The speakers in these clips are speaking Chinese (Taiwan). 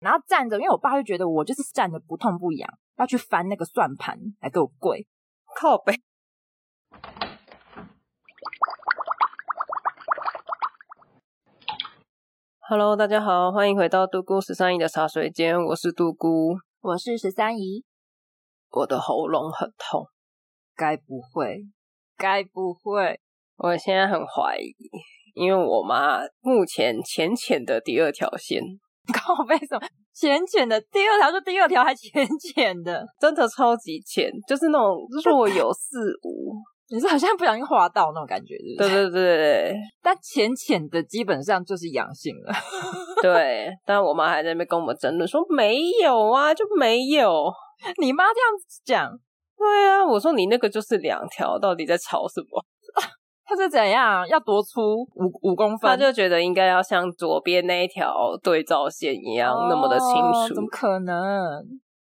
然後站着，因為我爸就覺得我就是站着不痛不癢，要去翻那個算盤來給我跪。靠北。Hello，大家好，歡迎回到度菇13咦的茶水間，我是度菇，我是13咦。我的喉嚨很痛，該不會？該不會？我現在很懷疑，因為我媽目前淺淺的第二條線。告白什麼？淺淺的，第二條就第二條還淺淺的，真的超級淺，就是那種若有似無， 你是好像不小心滑到那種感覺， 對,對對對。但淺淺的基本上就是陽性了， 對。但我媽還在那邊跟我們爭論說沒有啊，就沒有。 你媽這樣子講， 對啊，我說你那個就是兩條，到底在吵什麼？ 他是怎樣？要多粗？五五公分？他就覺得應該要像左邊那一條對照線一樣，那麼的清楚。哦，怎麼可能？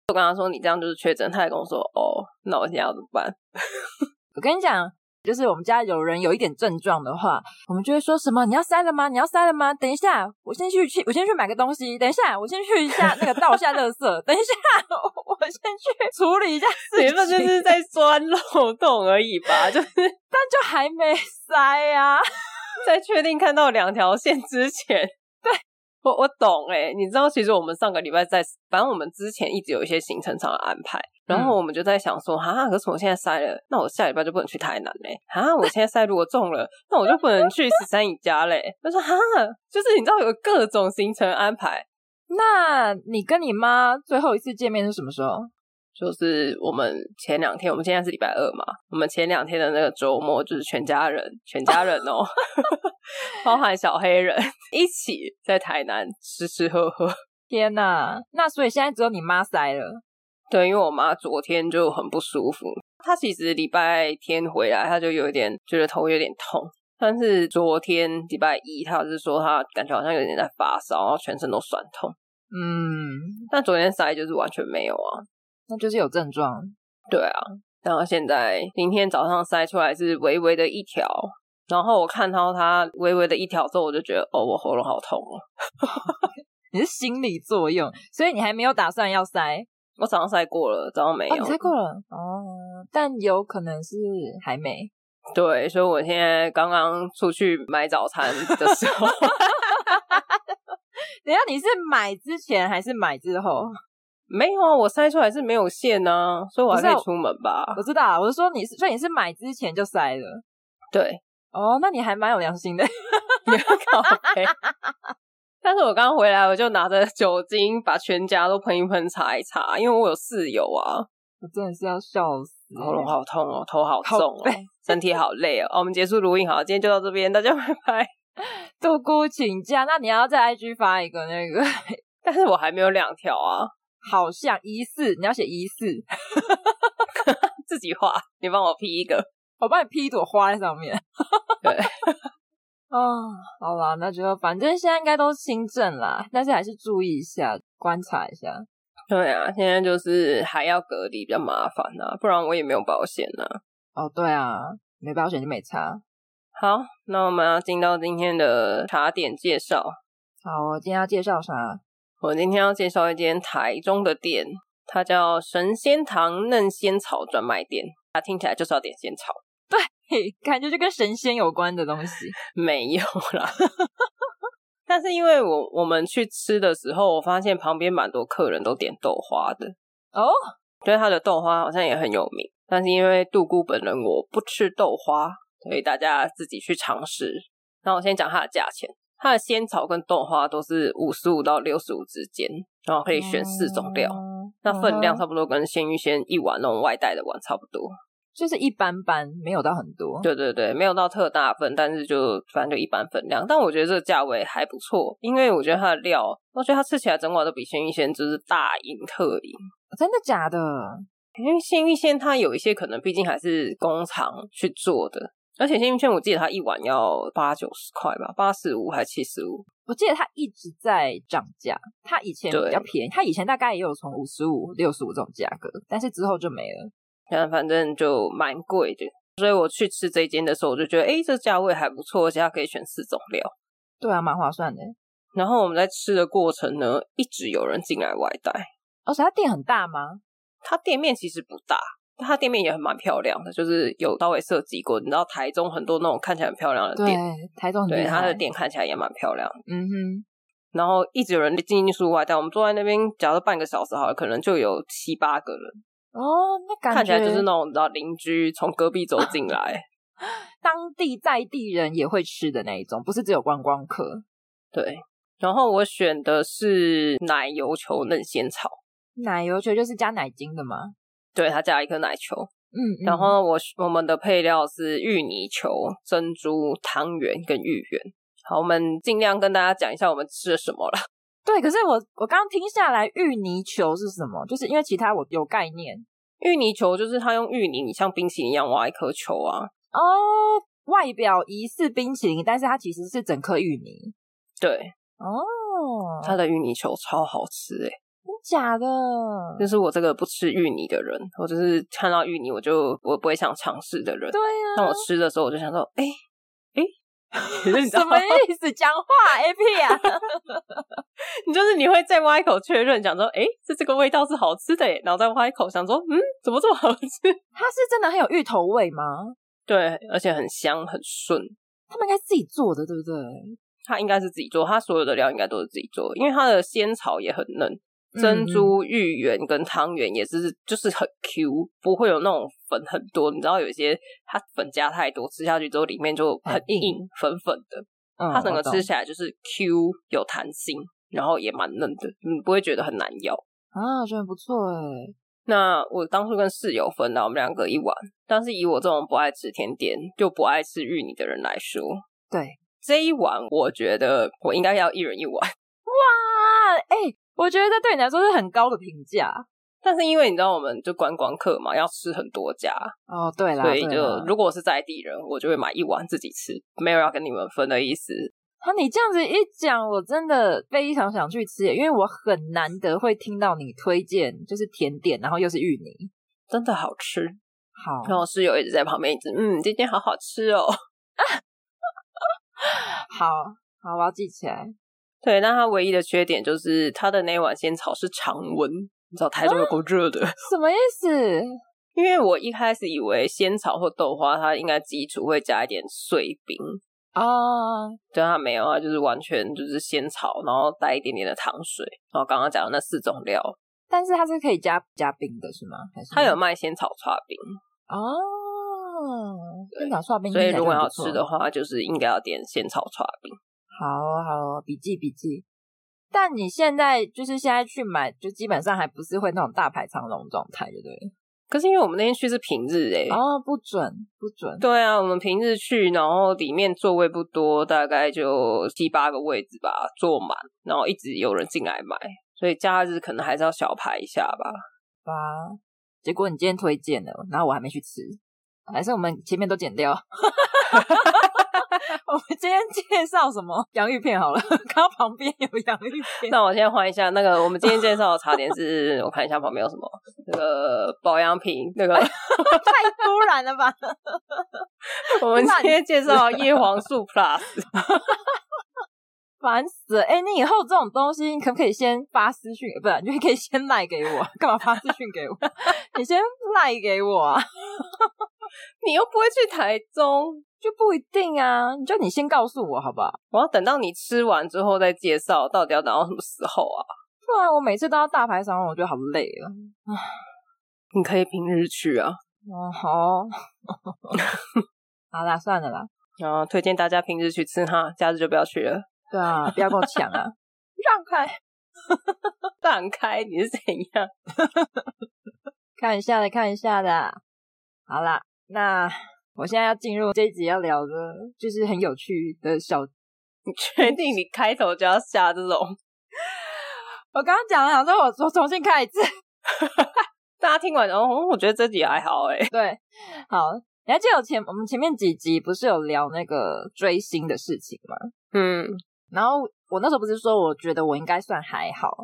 我跟他說你這樣就是確診，他還跟我說哦，那我現在要怎麼辦？ 我跟你講。就是我們家有人有一點症狀的話，我們就會說什麼，你要塞了嗎？你要塞了嗎？等一下，我先去去，我先去買個東西。等一下，我先去一下那個倒下垃圾。 等一下，我先去處理一下事情。不就是在鑽漏洞而已吧？就是但就還沒塞啊， 在確定看到兩條線之前。我我懂哎，你知道其實我們上個禮拜在，反正我們之前一直有一些行程上的安排，然後我們就在想說，哈、嗯啊，可是我現在篩了，那我下禮拜就不能去台南嘞，哈、啊，我現在篩如果中了，那我就不能去十三姨家嘞，他說哈、啊，就是你知道有各種行程安排。那你跟你媽最後一次見面是什麼時候？就是我們前兩天，我們現在是禮拜二嘛，我們前兩天的那個週末，就是全家人，全家人哦。啊 包含小黑人一起在台南吃吃喝喝。天哪、啊，那所以現在只有你媽塞了。對，因為我媽昨天就很不舒服。她其實禮拜天回來，她就有一點覺得頭有點痛。但是昨天禮拜一，她是說她感覺好像有點在發燒，然後全身都酸痛。嗯，但昨天塞就是完全沒有啊，那就是有症狀。對啊，然後現在明天早上塞出來是微微的一條。然後我看到它微微的一挑之後，我就覺得哦，我喉嚨好痛哦。 你是心理作用，所以你還沒有打算要塞？我早上塞過了，早上沒有。哦、你塞過了哦，但有可能是還沒。對，所以我現在剛剛出去買早餐的時候， 等一下你是買之前還是買之後？沒有啊，我塞出來是沒有線呢、啊，所以我還可以出門吧。我，我知道，我是說你是，所以你是買之前就塞了。對。哦、oh，那你還蠻有良心的， 你要看靠。 但是我剛回來，我就拿着酒精把全家都噴一噴、擦一擦，因為我有室友啊。我真的是要笑死，喉嚨好痛哦、喔，頭好重哦、喔，身體好累、喔、哦。我們結束錄音，好了，今天就到這邊，大家拜拜。度菇請假，那你要在 IG 發一個那個， 但是我還沒有兩條啊，好像疑似，你要寫疑似， 自己畫，你幫我 P 一個。我幫你 P 一朵花在上面， 對， 啊、哦，好啦，那就要，反正現在應該都輕症啦，但是還是注意一下，觀察一下。對啊，現在就是還要隔離，比較麻煩啦、啊、不然我也沒有保險吶、啊。哦，對啊，沒保險就沒差。好，那我們要進到今天的茶點介紹。好，我今天要介紹啥？我今天要介紹一間台中的店，它叫神仙堂嫩仙草專賣店。它聽起來就是要點仙草。感覺就是跟神仙有關的東西 沒有啦， 但是因為我我們去吃的時候，我發現旁邊蠻多客人都點豆花的哦，所以他的豆花好像也很有名。但是因為杜姑本人我不吃豆花，所以大家自己去嘗試。那、okay. 我先講它的價錢，它的仙草跟豆花都是五十五到六十五之間，然後可以選四種料，mm -hmm. 那分量差不多跟鮮芋仙一碗那種外帶的碗差不多。就是一般般，沒有到很多。對對對，沒有到特大份，但是就反正就一般分量。但我覺得這個價位還不錯，因為我覺得它的料，我覺得它吃起來整碗都比鮮芋仙就是大贏特贏。真的假的？因為鮮芋仙它有一些可能畢竟還是工廠去做的，而且鮮芋仙我記得它一碗要八九十塊吧，八十五還是七十五？我記得它一直在漲價，它以前比較便宜，它以前大概也有從五十五、六十五這種價格，但是之後就沒了。嗯，反正就蠻貴的，所以我去吃這間的時候，我就覺得，哎、欸，這價位還不錯，而且它可以選四種料。對啊，蠻划算的。然後我們在吃的過程呢，一直有人進來外帶。而且他店很大嗎？他店面其實不大，他店面也很蠻漂亮的，就是有到位設計過。你知道台中很多那種看起來很漂亮的店，對，台中很多。對，他的店看起來也蠻漂亮的。嗯哼。然後一直有人進進出出外帶，我們坐在那邊，假如半個小時好了，可能就有七八個人。哦，那感覺看起來就是那種的鄰居從隔壁走進來， 當地在地人也會吃的那一種，不是只有觀光客。對，然後我選的是奶油球嫩仙草。奶油球就是加奶精的嗎？對，它加了一顆奶球。嗯、嗯，然後我我們的配料是芋泥球、珍珠、湯圓跟芋圓。好，我們盡量跟大家講一下我們吃了什麼了。對，可是我我剛剛聽下來芋泥球是什麼？就是因為其他我有概念，芋泥球就是他用芋泥，你像冰淇淋一樣挖一顆球啊。哦，外表疑似冰淇淋，但是它其實是整顆芋泥。對，哦，它的芋泥球超好吃誒！真假的？就是我這個不吃芋泥的人，我就是看到芋泥我就我不會想嘗試的人。對啊，但我吃的時候我就想說哎。誒 你什麼意思？講話 A P 啊？你 就是你會再挖一口確認，講說，哎、欸，這這個味道是好吃的，然後再挖一口，想說，嗯，怎麼這麼好吃？它是真的很有芋頭味嗎？對，而且很香很順。他們應該自己做的，對不對？它應該是自己做，它所有的料應該都是自己做的，因為它的仙草也很嫩，珍珠芋圓跟湯圓也是，就是很 Q，不會有那種。粉很多，你知道有些它粉加太多，吃下去之後裡面就很硬硬、粉粉的、嗯。它整個吃起來就是 Q 有彈性，然後也蠻嫩的，你不會覺得很難咬啊，真的不錯哎。那我當初跟室友分了我們兩個一碗。但是以我這種不愛吃甜點、就不愛吃芋泥的人來說，對這一碗，我覺得我應該要一人一碗。哇，哎、欸，我覺得這對你來說是很高的評價。但是因為你知道，我們就觀光客嘛，要吃很多家哦，對啦，所以就如果我是在地人，我就會買一碗自己吃，沒有要跟你們分的意思。啊，你這樣子一講，我真的非常想去吃，因為我很難得會聽到你推薦，就是甜點，然後又是芋泥，真的好吃。好，然後室友一直在旁邊一直嗯，今天好好吃哦。 好好，我要記起來。對，那它唯一的缺點就是它的那碗仙草是常溫。你知道台中有多熱的？啊？什麼意思？因為我一開始以為仙草或豆花，它應該基礎會加一點碎冰啊。對，它沒有啊，就是完全就是仙草，然後帶一點點的糖水，然後剛剛講的那四種料。但是它是可以加加冰的，是嗎？還是有它有賣仙草刨冰哦？仙草刨冰，所以如果要吃的話，就是應該要點仙草刨冰。好哦，好哦，筆記筆記。但你現在就是現在去買，就基本上還不是會那種大排長龍狀態，對不對？可是因為我們那天去是平日哎，哦不準不準，對啊，我們平日去，然後裡面座位不多，大概就七八個位置吧，坐滿，然後一直有人進來買，所以假日可能還是要小排一下吧，吧。結果你今天推薦了，然後我還沒去吃，還是我們前面都剪掉。 我們今天介紹什麼？洋芋片好了，剛好旁邊有洋芋片。那我先換一下那個，我們今天介紹的茶點是， 我看一下旁邊有什麼。那個保養品，那個、哎、太突然了吧？ 我們今天介紹葉黃素 Plus， 煩死了！哎、欸，你以後這種東西，你可不可以先發私訊、啊？不是，你可以先賴給我，幹嘛發私訊給我？ 你先賴給我啊！ 你又不會去台中。就不一定啊，你就你先告訴我好不好？我要等到你吃完之後再介紹，到底要等到什麼時候啊？不然我每次都要大排上我覺得好累了、啊。你可以平日去啊。哦好哦， 好啦，算了啦。啊、嗯，推薦大家平日去吃哈，假日就不要去了。對啊，不要跟我搶啊！ 讓開， 讓開！你是怎樣？ 看一下的，看一下的。好啦，那。我現在要進入這一集要聊的，就是很有趣的小。你確定你開頭就要下這種？ 我剛剛講了，想說我我重新開一次， 大家聽完之後，我覺得這集還好哎、欸。對，好，你還記得我前我們前面幾集不是有聊那個追星的事情嗎？嗯，然後我，我那時候不是說，我覺得我應該算還好。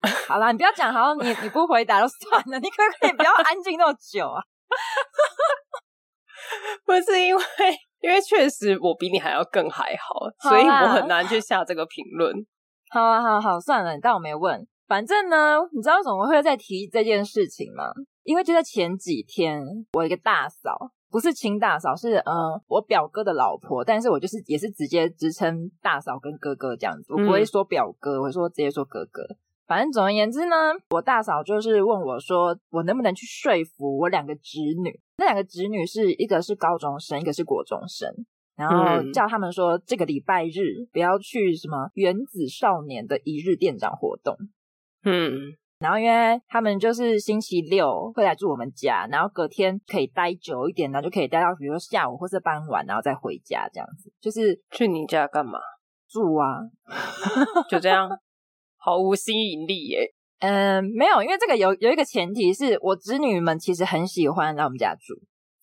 好啦，你不要講，好像你你不回答就算了，你可不可以不要安靜那麼久啊？ 不是因為，因為確實我比你還要更還好，好啊，所以我很難去下這個評論。好啊，好啊，好，啊，算了，你當我沒問。反正呢，你知道怎麼會再提這件事情嗎？因為就在前幾天，我一個大嫂，不是親大嫂，是嗯、呃，我表哥的老婆。但是我就是也是直接直稱，大嫂跟哥哥這樣子，我不會說表哥，我說直接說哥哥，嗯。反正總而言之呢，我大嫂就是問我說，我能不能去說服我兩個侄女。那兩個侄女是一個是高中生，一個是國中生，然後叫他們說、嗯、這個禮拜日不要去什麼原子少年的一日店長活動。嗯，然後因為他們就是星期六會來住我們家，然後隔天可以待久一點，然後就可以待到比如說下午或是傍晚，然後再回家這樣子。就是去你家幹嘛，住啊？ 就這樣，毫無吸引力耶。嗯、呃，沒有，因為這個有有一個前提是我姪女們其實很喜歡來我們家住，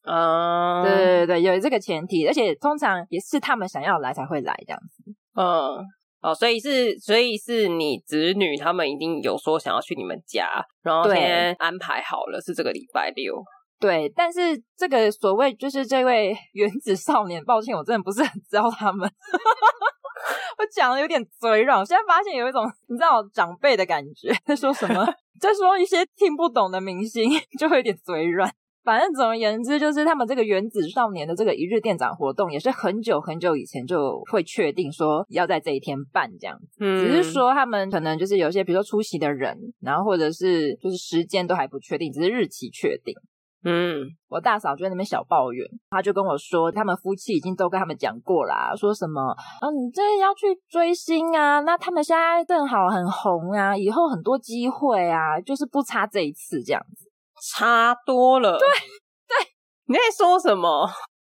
嗯，對對，對有這個前提，而且通常也是他們想要來才會來這樣子，嗯，哦，所以是，所以是你姪女他們一定有說想要去你們家，然後今天安排好了是這個禮拜六。對，但是這個所謂就是這位原子少年，抱歉，我真的不是很知道他們。 我講的有點嘴軟，我現在發現有一種你知道我長輩的感覺，他說什麼， 在說一些聽不懂的明星，就會有點嘴軟。反正總而言之，就是他們這個原子少年的這個一日店長活動，也是很久很久以前就會確定說要在這一天辦這樣子，嗯、只是說他們可能就是有些比如說出席的人，然後或者是就是時間都還不確定，只是日期確定。嗯，我大嫂就在那邊小抱怨，她就跟我說，他們夫妻已經都跟他們講過啦、啊，說什麼，嗯、啊，你這要去追星啊，那他們現在正好很紅啊，以後很多機會啊，就是不差這一次這樣子，差多了。對對，你在說什麼？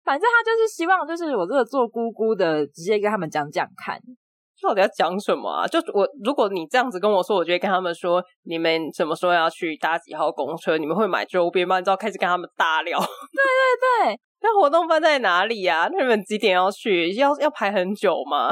反正他就是希望，就是我這個做姑姑的，直接跟他們講講看。到底要講什麼啊？就我，如果你這樣子跟我說，我就會跟他們說，你們什麼時候要去搭幾號公車？你們會買週邊嗎？你知道，開始跟他們搭聊。對對對，那活動辦在哪裡呀，啊？那你們幾點要去？要要排很久嗎？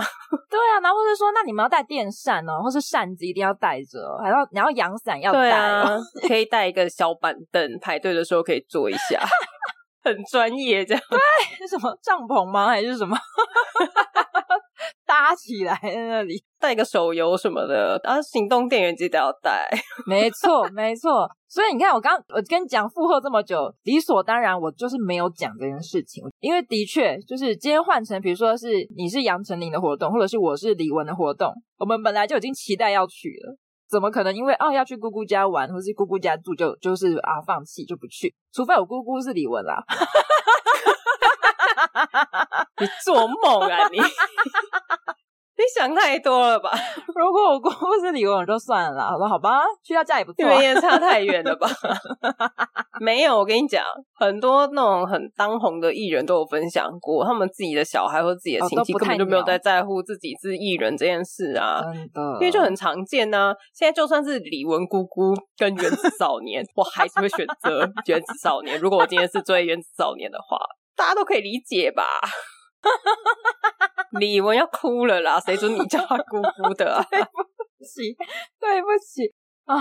對啊，然後或是說，那你們要帶電扇哦，喔，或是扇子一定要帶着，還要然後陽傘要帶，可以帶一個小板凳，排隊的時候可以坐一下， 很專業這樣。對，是什麼帳篷嗎？還是什麼？ 搭起來那裡，帶個手遊什麼的，啊，行動電源機都要帶。沒錯，沒錯。 所以你看，我剛我跟你講，附和這麼久，理所當然我就是沒有講這件事情，因為的確就是今天換成，比如說是你是楊丞琳的活動，或者是我是李玟的活動，我們本來就已經期待要去了，怎麼可能因為哦要去姑姑家玩，或是姑姑家住就就是啊放棄就不去？除非我姑姑是李玟啊。 你做夢啊！你 你想太多了吧？ 如果我姑姑是李玟，就算了啦。好吧，好吧，去他家也不錯。 你也差太遠了吧？ 沒有，我跟你講，很多那種很當紅的藝人都有分享過他們自己的小孩或自己的親戚，根本就沒有在在乎自己是藝人這件事啊。真、哦、的，因為就很常見呢、啊。現在就算是李玟姑姑跟原子少年， 我還是會選擇原子少年。 如果我今天是追原子少年的話。大家都可以理解吧？ 你我要哭了啦！誰準你叫他姑姑的啊？ 對不起，對不起啊！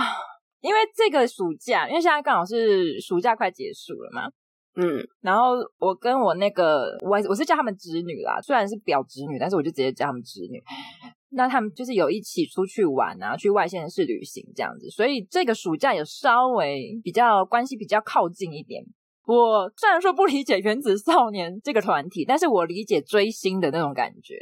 因為這個暑假，因為現在剛好是暑假快結束了嘛，嗯，然後我跟我那個我我是叫他們侄女啦，雖然是表侄女，但是我就直接叫他們侄女。那他們就是有一起出去玩啊，去外縣市旅行這樣子，所以這個暑假有稍微比較關係比較靠近一點。我雖然說不理解原子少年這個團體，但是我理解追星的那種感覺。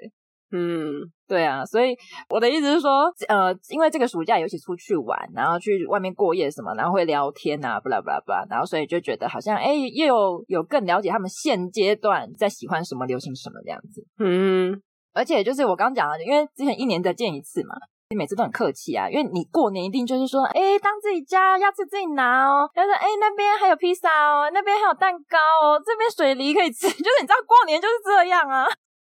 嗯，對啊，所以我的意思是說，呃，因為這個暑假尤其出去玩，然後去外面過夜什麼，然後會聊天啊，不啦不啦不啦，然後所以就覺得好像，誒，又有，有更了解他們現階段在喜歡什麼流行什麼這樣子。嗯，而且就是我剛講了，因為之前一年才見一次嘛。每次都很客氣啊，因為你過年一定就是說，誒，當自己家要吃自己拿哦，要說，誒，那邊還有披薩哦，那邊還有蛋糕哦，這邊水梨可以吃，就是你知道過年就是這樣啊，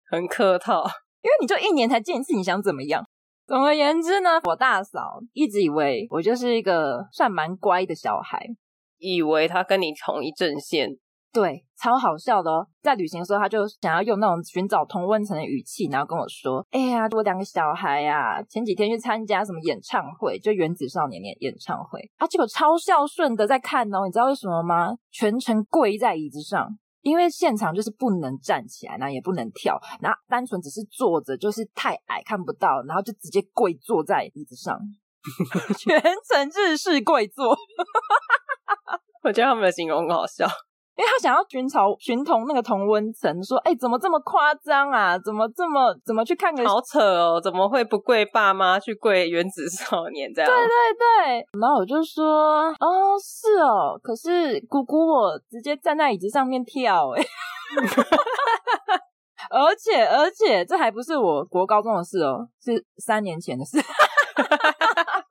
很客套，因為你就一年才見一次，你想怎麼樣？總而言之呢，我大嫂一直以為我就是一個算蠻乖的小孩，以為他跟你同一陣線。對，超好笑的哦！在旅行的時候，他就想要用那種尋找同溫層的語氣，然後跟我說：“哎呀，我兩個小孩呀、啊，前幾天去參加什麼演唱會，就原子少年演演唱會，啊結果超孝順的在看哦。你知道為什麼嗎？全程跪在椅子上，因為現場就是不能站起來，然後也不能跳，然後單純只是坐着，就是太矮看不到，然後就直接跪坐在椅子上， 全程日式跪坐。 我覺得他們的形容很好笑。”因為他想要尋找尋同那個同溫層說：“哎、欸，怎麼這麼誇張啊？怎麼這麼怎麼去看個好扯哦？怎麼會不跪爸媽去跪原子少年這樣？”對對對，然後我就說：“哦，是哦，可是姑姑我直接站在椅子上面跳，哎， 而且而且這還不是我國高中的事哦，是三年前的事，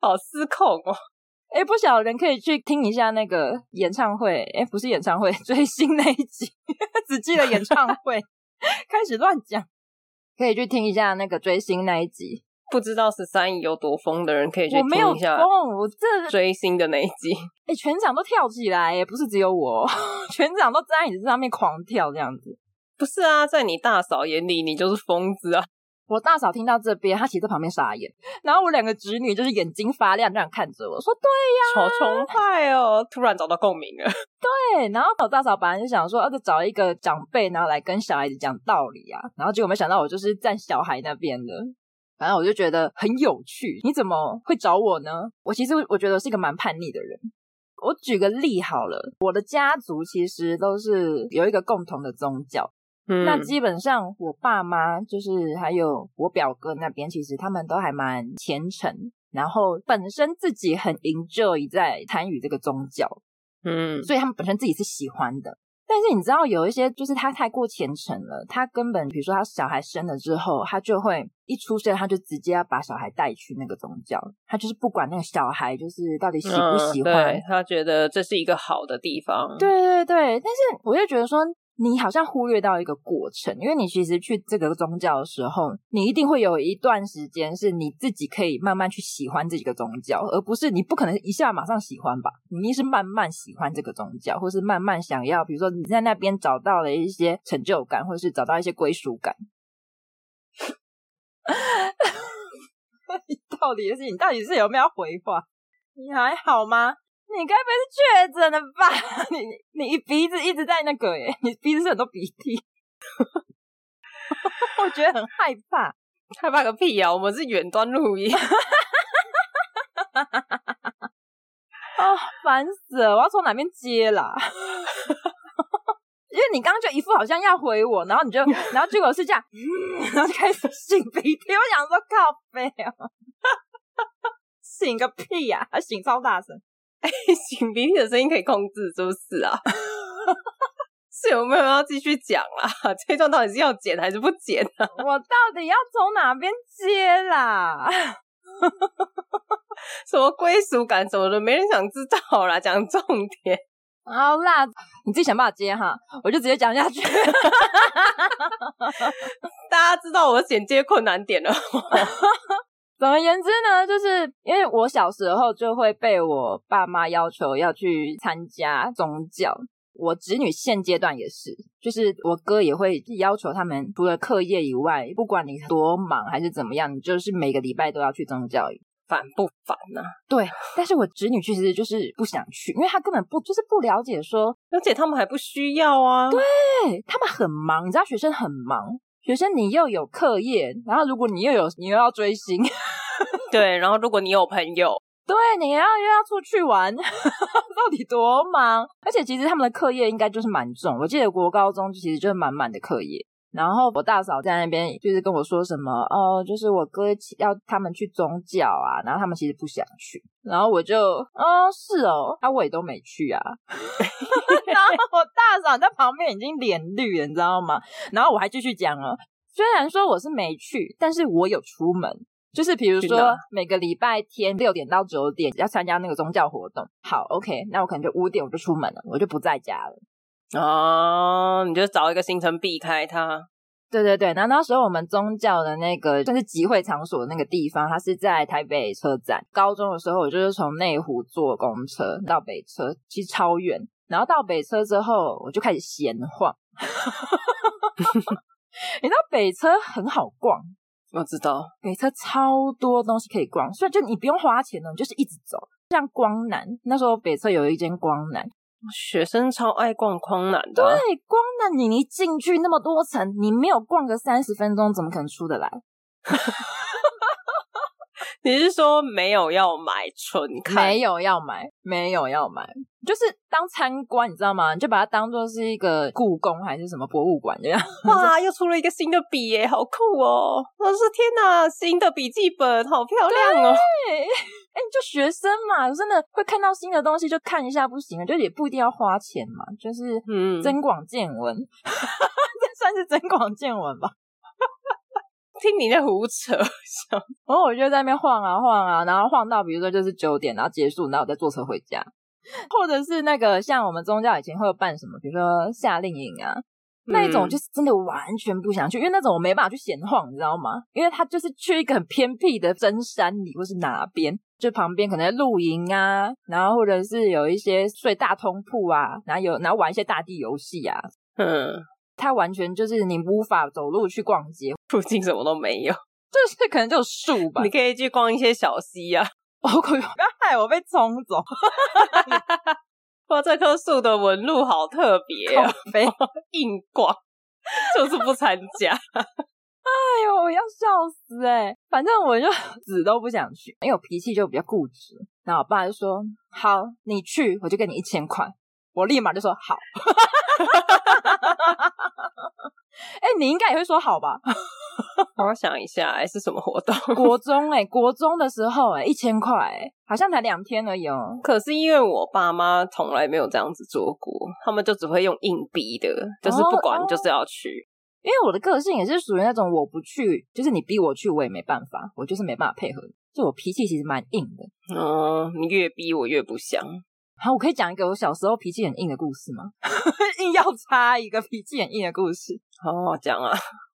好失控哦。”哎、欸，不曉得人可以去聽一下那個演唱會，哎、欸，不是演唱會，追星那一集，只記得演唱會， 開始亂講，可以去聽一下那個追星那一集。不知道十三姨有多瘋的人可以去聽一下，我沒有瘋，我這追星的那一集，哎、欸，全場都跳起來，也不是只有我，全場都站在椅子上面狂跳這樣子。不是啊，在你大嫂眼裡，你就是瘋子啊。我大嫂聽到這邊，她其實在旁邊傻眼，然後我兩個侄女就是眼睛發亮，這樣看着我說對、啊：“對呀，好崇拜哦， 突然找到共鳴了。”對，然後我大嫂本來就想說要是找一個長輩，然後來跟小孩子講道理啊，然後結果沒想到我就是站小孩那邊的，反正我就覺得很有趣。你怎麼會找我呢？我其實我覺得我是一個蠻叛逆的人。我舉個例好了，我的家族其實都是有一個共同的宗教。嗯，那基本上，我爸媽就是還有我表哥那邊，其實他們都還蠻虔誠，然後本身自己很 enjoy 在參與這個宗教，嗯，所以他們本身自己是喜歡的。但是你知道，有一些就是他太過虔誠了，他根本比如說他小孩生了之後，他就會一出生他就直接要把小孩帶去那個宗教，他就是不管那個小孩就是到底喜不喜歡，嗯，對，他覺得這是一個好的地方。對對對，但是我就覺得說。你好像忽略到一個過程，因為你其實去這個宗教的時候，你一定會有一段時間是你自己可以慢慢去喜歡這幾個宗教，而不是你不可能一下馬上喜歡吧，你一定是慢慢喜歡這個宗教，或是慢慢想要，比如說你在那邊找到了一些成就感，或是找到一些歸屬感。 你到底是，你到底是有沒有回話？你還好嗎？你該不會是確診了吧？你你鼻子一直在那個耶、欸，你鼻子是很多鼻涕， 我覺得很害怕。害怕個屁呀、啊！我們是遠端錄音。啊、 哦，煩死了！我要從哪邊接啦？ 因為你剛剛就一副好像要回我，然後你就 然後結果是這樣，然後就開始擤鼻涕。我想說靠背啊，擤 個屁呀！啊，擤超大聲。 擤鼻涕的聲音可以控制，是不是啊？ 是有沒有要繼續講啊？這一段到底是要剪還是不剪啊？我到底要從哪邊接啦？ 什麼歸屬感什麼的，沒人想知道啦。講重點，好啦，你自己想辦法接哈、啊，我就直接講下去。 大家知道我剪接困難點了嗎？ 總而言之呢，就是因為我小時候就會被我爸媽要求要去參加宗教，我侄女現階段也是，就是我哥也會要求他們除了課業以外，不管你多忙還是怎麼樣，你就是每個禮拜都要去宗教，煩不煩呢、啊？對，但是我侄女確實就是不想去，因為她根本不就是不了解說，說而且他們還不需要啊，對他們很忙，你知道學生很忙。學生，你又有課業，然後如果你又有你又要追星， 對，然後如果你有朋友，對，你要又要出去玩， 到底多忙？而且其實他們的課業應該就是蠻重，我記得國高中其實就是滿滿的課業。然後我大嫂在那邊就是跟我說什麼哦，就是我哥要他們去宗教啊，然後他們其實不想去，然後我就啊、哦、是哦，他、啊、我也都沒去啊。 然後我大嫂在旁邊已經臉綠了，你知道嗎？然後我還繼續講了，雖然說我是沒去，但是我有出門，就是比如說每個禮拜天六點到九點要參加那個宗教活動，好，OK，那我可能就五點我就出門了，我就不在家了。哦、oh，你就找一個行程避開它。對對對，然後那時候我們宗教的那個就是集會場所的那個地方，它是在台北車站。高中的時候，我就是從內湖坐公車到北車，其實超遠。然後到北車之後，我就開始閒晃。 你知道北車很好逛，我知道北車超多東西可以逛，所以就你不用花錢了，你就是一直走，像光南那時候北車有一間光南。學生超愛逛光南的，對，光南你一進去那麼多層，你沒有逛個三十分鐘，怎麼可能出得來？ 你是說沒有要買純看？沒有要買，沒有要買，就是當參觀，你知道嗎？你就把它當做是一個故宮還是什麼博物館這樣。哇， 又出了一個新的筆耶，好酷哦！我說天哪，新的筆記本好漂亮哦！哎，欸、你就學生嘛，真的會看到新的東西就看一下不行了，就也不一定要花錢嘛，就是增廣見聞，嗯、 這算是增廣見聞吧。聽你那胡扯，然後我就在那邊晃啊晃啊，然後晃到比如說就是九點，然後結束，然後我再坐車回家，或者是那個像我們宗教以前會有辦什麼，比如說夏令營啊，嗯、那一種就是真的完全不想去，因為那種我沒辦法去閒晃，你知道嗎？因為他就是去一個很偏僻的深山裡，或是哪邊，就旁邊可能在露營啊，然後或者是有一些睡大通鋪啊，然後有然後玩一些大地遊戲啊。嗯。他完全就是你無法走路去逛街，附近什麼都沒有，就是可能就是樹吧。你可以去逛一些小溪呀、啊。哦，不要害我被沖走。哇 這棵樹的紋路好特別啊！硬逛 就是不參加。 哎呦，我要笑死哎、欸！反正我就 死都不想去，因為有脾氣就比較固執。那我爸就說：“好，你去，我就給你一千塊。”我立馬就說：“好。 ” 哎、欸，你應該也會說好吧？我 想一下，哎、欸，是什麼活動？國中哎、欸，國中的時候哎、欸，一千塊、欸，好像才兩天而已哦、喔。可是因為我爸媽從來沒有這樣子做過，他們就只會用硬逼的，就是不管，就是要去、哦哦。因為我的個性也是屬於那種我不去，就是你逼我去，我也沒辦法，我就是沒辦法配合。就我脾氣其實蠻硬的。哦、嗯，你越逼我越不想。好，我可以講一個我小時候脾氣很硬的故事嗎？硬 要插一個脾氣很硬的故事，好好，好講啊！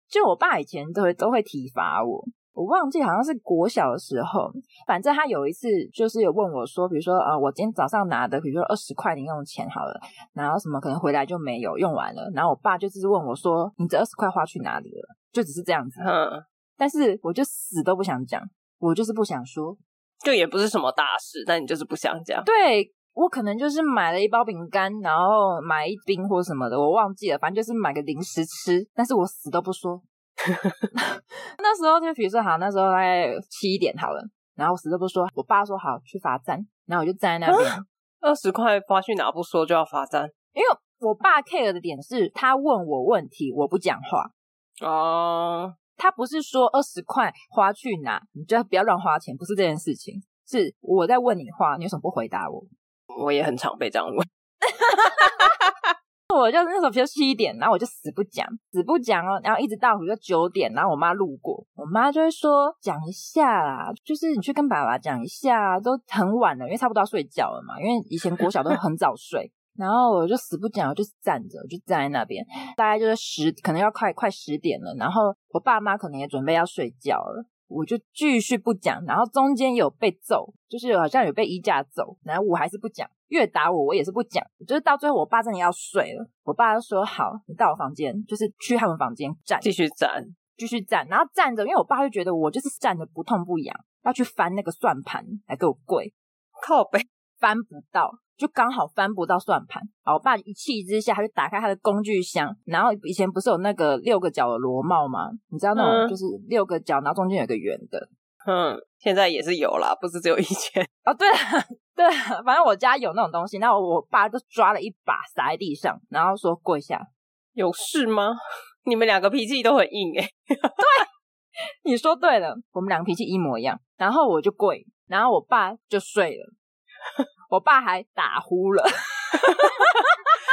就我爸以前都會都會體罰我，我忘記好像是國小的時候，反正他有一次就是有問我說，比如說呃，我今天早上拿的比如說二十塊零用錢好了，然後什麼可能回來就沒有用完了，然後我爸就只是問我說，你這二十塊花去哪裡了？就只是這樣子。嗯，但是我就死都不想講，我就是不想說，就也不是什麼大事，但你就是不想講。對。我可能就是買了一包餅乾，然後買一冰或什麼的，我忘記了，反正就是買個零食吃。但是我死都不說。呵呵呵。那時候就比如說，好，那時候大概七點好了，然後我死都不說。我爸說好，去罰站，然後我就站在那邊。二十塊花去哪不說就要罰站，因為我爸 care 的點是他問我問題，我不講話。哦。Uh... 他不是說二十塊花去哪，你就不要亂花錢，不是這件事情，是我在問你話，你為什麼不回答我？我也很常被這樣問，哈哈哈。我就那時候就七點，然後我就死不講，死不講哦，然後一直到我就九點，然後我媽路過，我媽就會說講一下啦，就是你去跟爸爸講一下，都很晚了，因為差不多要睡覺了嘛，因為以前國小都很早睡， 然後我就死不講，我就站着，我就站在那邊，大概就是十，可能要快快十點了，然後我爸媽可能也準備要睡覺了。我就繼續不講，然後中間有被揍，就是好像有被衣架揍，然後我還是不講，越打我我也是不講，就是到最後我爸真的要睡了，我爸就說：“好，你到我房間，就是去他們房間站，繼續站，繼續站，然後站着，因為我爸就覺得我就是站着不痛不癢，要去翻那個算盤來給我跪，靠北。”翻不到，就剛好翻不到算盤。然後我爸一氣之下，他就打開他的工具箱。然後以前不是有那個六個角的螺帽嗎？你知道那種就是六個角，嗯、然後中間有個圓的。嗯，現在也是有啦，不是只有以前哦，對啊，對啊，反正我家有那種東西。然後我爸就抓了一把撒在地上，然後說：“跪下，有事嗎？你們兩個脾氣都很硬誒、欸。 對，你說對了，我們兩個脾氣一模一樣。然後我就跪，然後我爸就睡了。我爸還打呼了，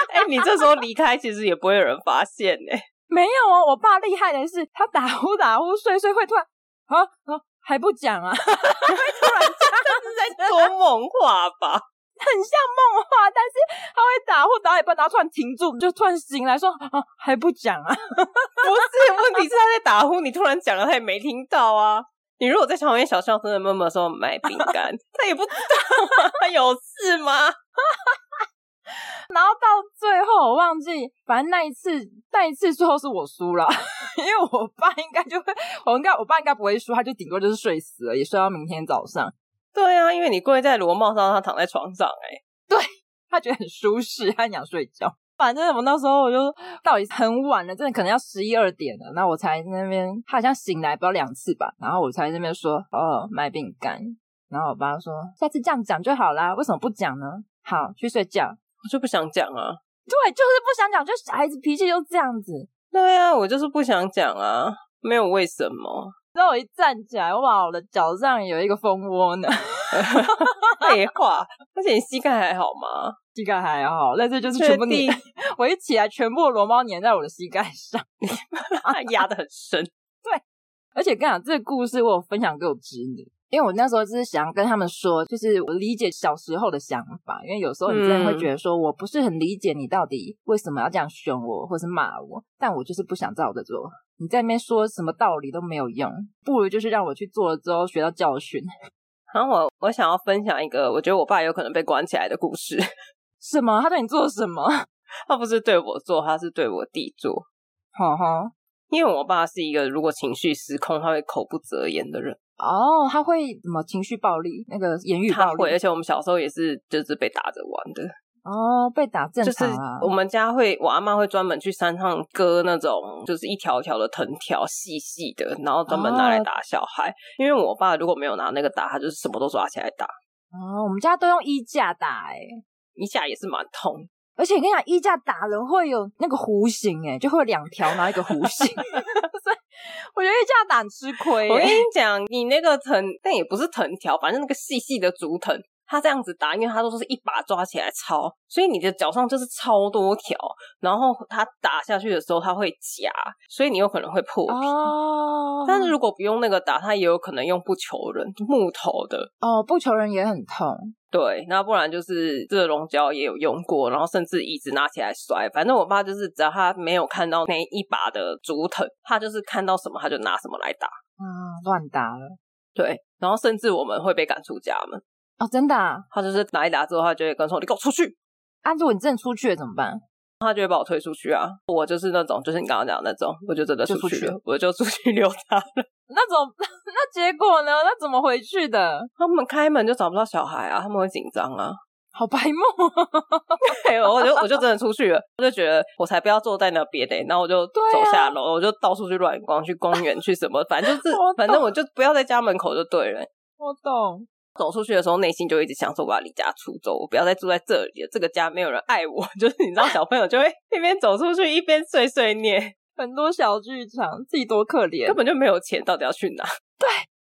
哎、 欸，你這時候離開，其實也不會有人發現呢、欸。沒有哦，我爸厲害的是，他打呼打呼睡睡會突然啊啊還不講啊，會突然講、啊啊啊、 是在說夢話吧？很像夢話，但是他會打呼打一半，然後他突然停住，就突然醒來說啊，還不講啊？ 不是，問題是他在打呼，你突然講了，他也沒聽到啊。你如果在床邊小聲，真的默默說買餅乾，他 也不知道、啊、 有事嗎？ 然後到最後我忘記，反正那一次那一次最後是我輸了，因為我爸應該就會，我應該我爸應該不會輸，他就頂多就是睡死了，也睡到明天早上。對啊，因為你跪在螺帽上，他躺在床上，欸，誒，對他覺得很舒適，他很想睡覺。反正我那時候我就到底很晚了，真的可能要十一二點了，那我才那邊，他好像醒來不知道兩次吧，然後我才那邊說哦賣餅乾，然後我爸說，下次這樣講就好啦，為什麼不講呢？好去睡覺，我就不想講啊。對，就是不想講，就小孩子脾氣就這樣子。對啊，我就是不想講啊，沒有為什麼。然後我一站起來，哇，我的腳上有一個蜂窩呢。廢 話！而且你膝蓋還好嗎？膝蓋還好，但是就是全部黏，我一起來，全部螺帽粘在我的膝蓋上，壓 得 很深。對，而且跟你講這個故事，我有分享給我侄女因為我那時候就是想跟他們說，就是我理解小時候的想法。因為有時候你真的會覺得說，說、嗯、我不是很理解你到底為什麼要這樣兇我，或是罵我，但我就是不想照着做。你在那邊說什麼道理都沒有用，不如就是讓我去做了之後學到教訓。然後我，我想要分享一個我覺得我爸有可能被關起來的故事。什麼？他對你做什麼？他不是對我做，他是對我弟做。哈哈。因為我爸是一個如果情緒失控，他會口不擇言的人。哦，他會什麼情緒暴力？那個言語暴力他會，而且我們小時候也是就是被打着玩的哦，被打正常，啊就是我們家會，我阿媽會專門去山上割那種就是一條條的藤條，細細的，然後專門拿來打小孩。哦。因為我爸如果沒有拿那個打，他就是什麼都抓起來打。哦，我們家都用衣架打。欸，哎，衣架也是蠻痛。而且你跟你講，衣架打人會有那個弧形。哎，就會有兩條拿一個弧形。 我覺得這樣膽吃虧，欸。我跟你講，你那個藤，但也不是藤條，反正那個細細的竹藤。他這樣子打，因為他都是一把抓起來抄，所以你的腳上就是超多條，然後他打下去的時候他會夾，所以你有可能會破皮。哦，但是如果不用那個打，他也有可能用不求人木頭的哦，不求人也很痛。對，那不然就是熱熔膠也有用過，然後甚至椅子拿起來摔，反正我爸就是只要他沒有看到那一把的竹藤，他就是看到什麼他就拿什麼來打啊，嗯，亂打了。對，然後甚至我們會被趕出家門。哦，真的、啊，他就是打一打之後，他就會跟我說：“你給我出去。”啊，如果你真的出去了怎麼辦？他就會把我推出去啊。我就是那種，就是你剛剛講的那種，我就真的出去了，就去了我就出去溜達了。那種那結果呢？那怎麼回去的？他們開門就找不到小孩啊，他們會緊張啊。好白目，對 我就我就真的出去了，我就覺得我才不要坐在那邊的、欸，然後我就走下樓、啊，我就到處去亂逛，去公園去什麼，反正就是 反正我就不要在家門口就對了。我懂。走出去的時候，內心就一直想說：“我要離家出走，我不要再住在這裡了。這個家沒有人愛我。”就是你知道，小朋友就會一邊走出去，一邊碎碎念，很多小劇場，自己多可憐，根本就沒有錢，到底要去哪？對，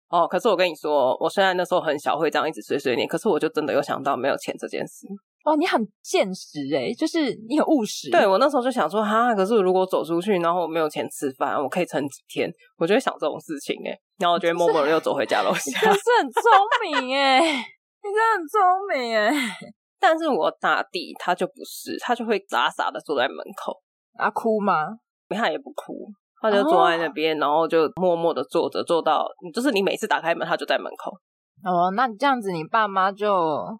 哦。可是我跟你說，我雖然那時候很小，會這樣一直碎碎念，可是我就真的有想到沒有錢這件事。哇，你很現實哎，就是你很務實。對我那時候就想說哈，可是如果走出去，然後我沒有錢吃飯，我可以撐幾天，我就會想這種事情哎、欸。然後我就會默默的又走回家樓下，你是，是很聰明哎、欸， 你真的很聰明哎、欸。但是我大弟他就不是，他就會傻傻的坐在門口。他、啊、哭嗎？他也不哭，他就坐在那邊，oh. 然後就默默的坐着，坐到就是你每次打開門，他就在門口。哦、oh,，那你這樣子，你爸媽就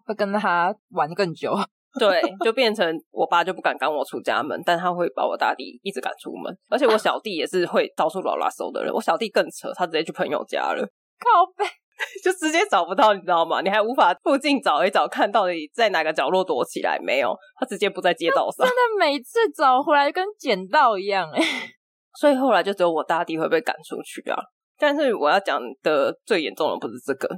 會跟他玩更久。對，就變成我爸就不敢趕我出家門， 但他會把我大弟一直趕出門，而且我小弟也是會到處老拉手的人。我小弟更扯，他直接去朋友家了，靠北 就直接找不到，你知道嗎？你還無法附近找一找，看到底在哪個角落躲起來沒有？他直接不在街道上。真的，每次找回來跟撿到一樣哎、欸。 所以後來就只有我大弟會被趕出去啊。但是我要講的最嚴重的不是這個。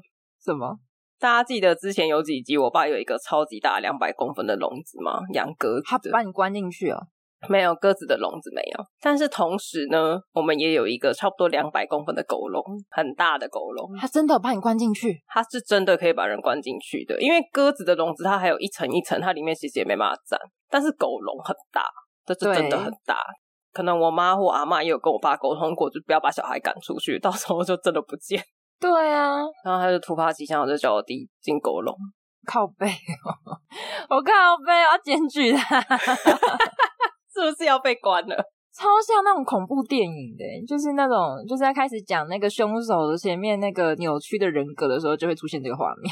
什麼？大家記得之前有幾集，我爸有一個超級大兩百公分的籠子嗎？養鴿子，他把你關進去了？沒有，鴿子的籠子沒有。但是同時呢，我們也有一個差不多兩百公分的狗籠，很大的狗籠。他真的有把你關進去？他是真的可以把人關進去的，因為鴿子的籠子它還有一層一層，它裡面其實也沒辦法站。但是狗籠很大，這是真的很大。可能我媽或我阿媽也有跟我爸溝通過，就不要把小孩趕出去，到時候就真的不見。對啊，然後他就突發奇想，我就叫我弟進狗籠靠背、喔， 我靠背、喔，我要檢舉他， 是不是要被關了？超像那種恐怖電影的、欸，就是那種就是在開始講那個兇手的前面那個扭曲的人格的時候，就會出現這個畫面。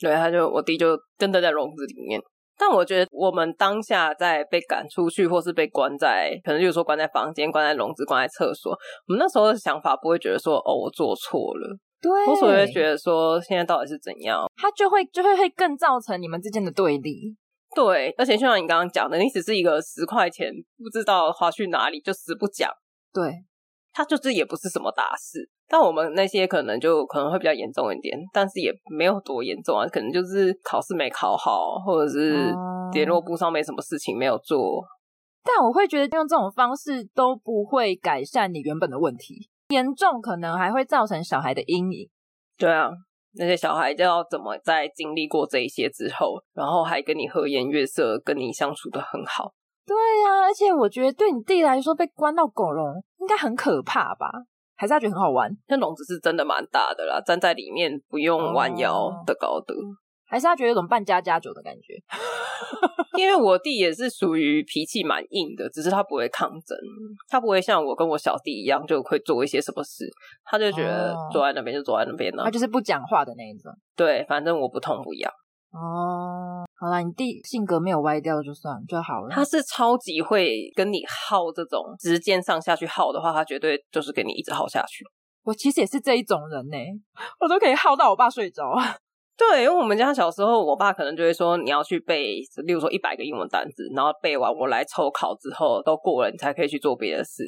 對，他就我弟就跟著在籠子裡面。但我覺得我們當下在被趕出去或是被關在，可能就是說關在房間、關在籠子、關在廁所。我們那時候的想法不會覺得說哦，我做錯了。對我所以會覺得說現在到底是怎樣？他就會就會會更造成你們之間的對立。對，而且就像你剛剛講的，你只是一個十塊錢，不知道花去哪裡就死不講。對，他就是也不是什麼大事。但我們那些可能就可能會比較嚴重一點，但是也沒有多嚴重啊，可能就是考試沒考好，或者是聯絡簿上沒什麼事情沒有做。嗯，但我會覺得用這種方式都不會改善你原本的問題。嚴重可能還會造成小孩的陰影。對啊，那些小孩就要怎麼在經歷過這一些之後，然後還跟你和顏悅色，跟你相處的很好。對啊，而且我覺得對你弟來，來說被關到狗籠應該很可怕吧？還是他覺得很好玩？那籠子是真的蠻大的啦，站在裡面不用彎腰的高度。Oh. 還是他覺得有種扮家家酒的感覺。 因為我弟也是屬於脾氣蠻硬的，只是他不會抗爭，他不會像我跟我小弟一樣，就會做一些什麼事，他就覺得、哦，坐在那邊就坐在那邊了、啊，他就是不講話的那一種。對，反正我不痛不癢。哦，好啦，你弟性格沒有歪掉就算就好了。他是超級會跟你耗，這種直接上下去耗的話，他絕對就是跟你一直耗下去。我其實也是這一種人呢、欸，我都可以耗到我爸睡着。對，因為我們家小時候，我爸可能就會說，你要去背，例如說一百個英文單詞，然後背完我來抽考，之後都過了，你才可以去做別的事。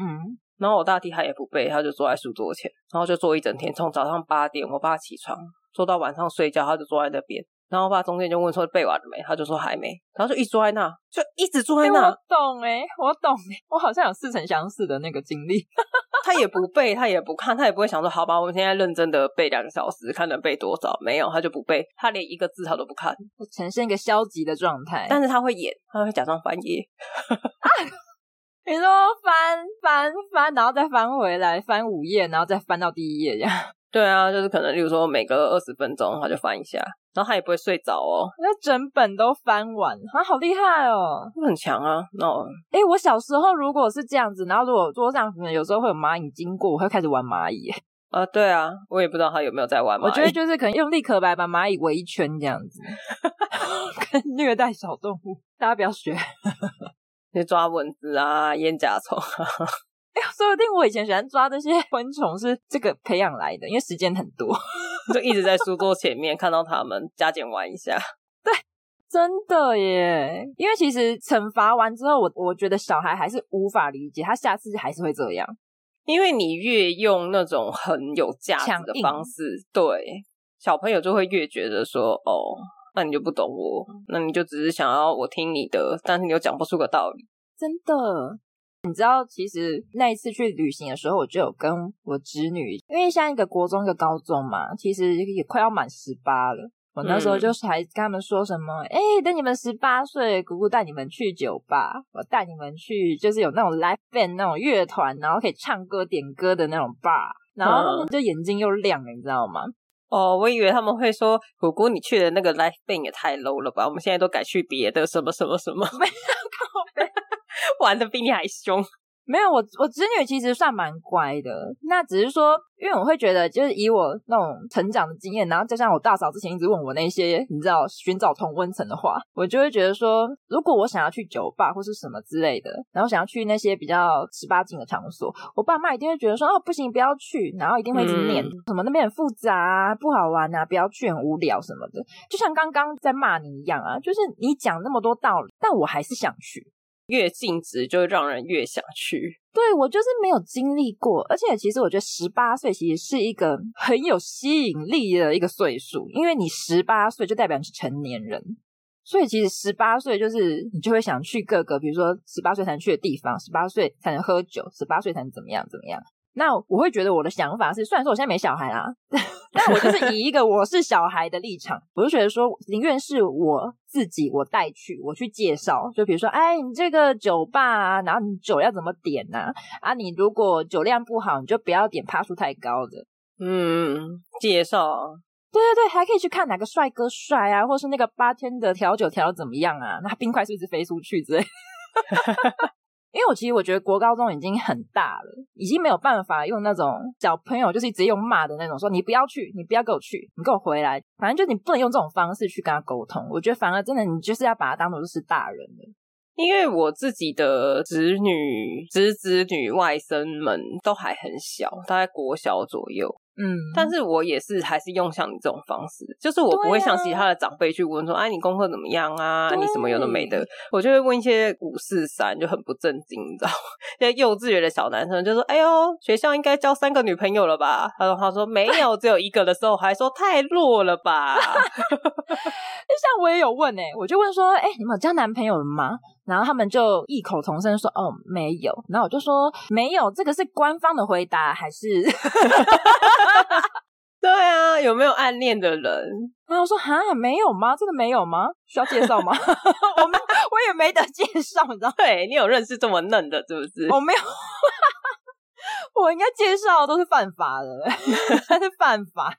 嗯，然後我大弟他也不背，他就坐在書桌前，然後就坐一整天，從早上八點我爸起床，坐到晚上睡覺，他就坐在那邊。然後我爸中間就問說背完了沒，他就說還沒，然後就一坐在那，就一直坐在那。我懂哎，我懂，欸我懂欸，我好像有似曾相識的那個經歷。 他也不背，他也不看，他也不會想說好吧，我們現在認真的背兩個小時，看能背多少？沒有，他就不背，他連一個字他都不看，呈現一個消極的狀態。但是他會演，他會假裝翻頁， 啊、你說翻翻翻，然後再翻回來，翻五頁，然後再翻到第一頁這樣。對啊，就是可能，例如說每隔二十分鐘他就翻一下，然後他也不會睡着哦。那整本都翻完，他、啊、好厲害哦，很強啊。那，哎，我小時候如果是這樣子，然後如果桌上可能有時候會有螞蟻經過，我會開始玩螞蟻。啊、呃，對啊，我也不知道他有沒有在玩螞蟻。我覺得就是可能用立可白把螞蟻圍一圈這樣子， 跟虐待小動物，大家不要學，你 抓蚊子啊，淹甲蟲、啊。說不定我以前喜歡抓這些昆蟲是這個培養來的，因為時間很多， 就一直在書桌前面 看到他們加減玩一下。對，真的耶！因為其實懲罰完之後，我我覺得小孩還是無法理解，他下次還是會這樣。因為你越用那種很有價值的方式，對小朋友就會越覺得說：“哦，那你就不懂我，那你就只是想要我聽你的，但是你又講不出個道理。”真的。你知道，其實那一次去旅行的時候，我就有跟我侄女，因為像一個國中一個高中嘛，其實也快要滿十八了。我那時候就是還跟他們說什麼，哎、嗯，等你們十八歲，姑姑帶你們去酒吧，我帶你們去，就是有那種 live band 那種樂團，然後可以唱歌點歌的那種 bar。然後他們就眼睛又亮了，你知道嗎？哦，我以為他們會說，姑姑你去的那個 live band 也太 low 了吧？我們現在都改去別的什麼什麼什麼。沒有告 玩得比你還兇，沒有我我姪女其實算蠻乖的，那只是說，因為我會覺得，就是以我那種成長的經驗，然後就像我大嫂之前一直問我那些你知道尋找同溫層的話，我就會覺得說，如果我想要去酒吧或是什麼之類的，然後想要去那些比較十八禁的場所，我爸媽一定會覺得說，哦不行不要去，然後一定會一直念、嗯、什麼那邊很複雜、啊、不好玩啊，不要去很無聊什麼的，就像剛剛在罵你一樣啊，就是你講那麼多道理，但我還是想去。越禁止，就讓人越想去。對，我就是沒有經歷過，而且其實我覺得十八歲其實是一個很有吸引力的一個歲數，因為你十八歲就代表你是成年人，所以其實十八歲就是你就會想去各個，比如說十八歲才能去的地方，十八歲才能喝酒，十八歲才能怎麼樣怎麼樣。那我會覺得我的想法是，雖然說我現在沒小孩啊，但我就是以一個我是小孩的立場， 我就覺得說，寧願是我自己我帶去，我去介紹。就比如說，哎，你這個酒吧，啊，然後你酒要怎麼點啊？啊，你如果酒量不好，你就不要點趴數太高的。嗯，介紹。對對對，還可以去看哪個帥哥帥啊，或是那個八天的調酒調的怎麼樣啊？那冰塊是不是飛出去之類？ 因為我其實我覺得國高中已經很大了，已經沒有辦法用那種小朋友就是一直用罵的那種說你不要去，你不要給我去，你給我回來，反正就你不能用這種方式去跟他溝通。我覺得反而真的你就是要把他當做就是大人了，因為我自己的姪女、侄子女、外甥們都還很小，大概國小左右。嗯，但是我也是還是用像你這種方式，就是我不會像其他的長輩去問說，哎、啊啊，你功課怎麼樣啊？你什麼有的沒的，我就會問一些五四三，就很不正經，你知道嗎？一些幼稚園的小男生就說，哎呦，學校應該交三個女朋友了吧？他後他說沒有，只有一個的時候， 還說太弱了吧？就 像我也有問呢、欸，我就問說，哎、欸，你們有交男朋友了嗎？然後他們就異口同聲說：“哦，沒有。”然後我就說：“沒有，這個是官方的回答還是？”哈哈哈哈哈哈哈，對啊，有沒有暗戀的人？然後我說：“哈，沒有嗎？這個沒有嗎？需要介紹嗎？”哈哈哈我我也沒得介紹，你知道嗎？對，你有認識這麼嫩的，是不是？我沒有，哈哈哈我應該介紹的都是犯法的， 是犯法。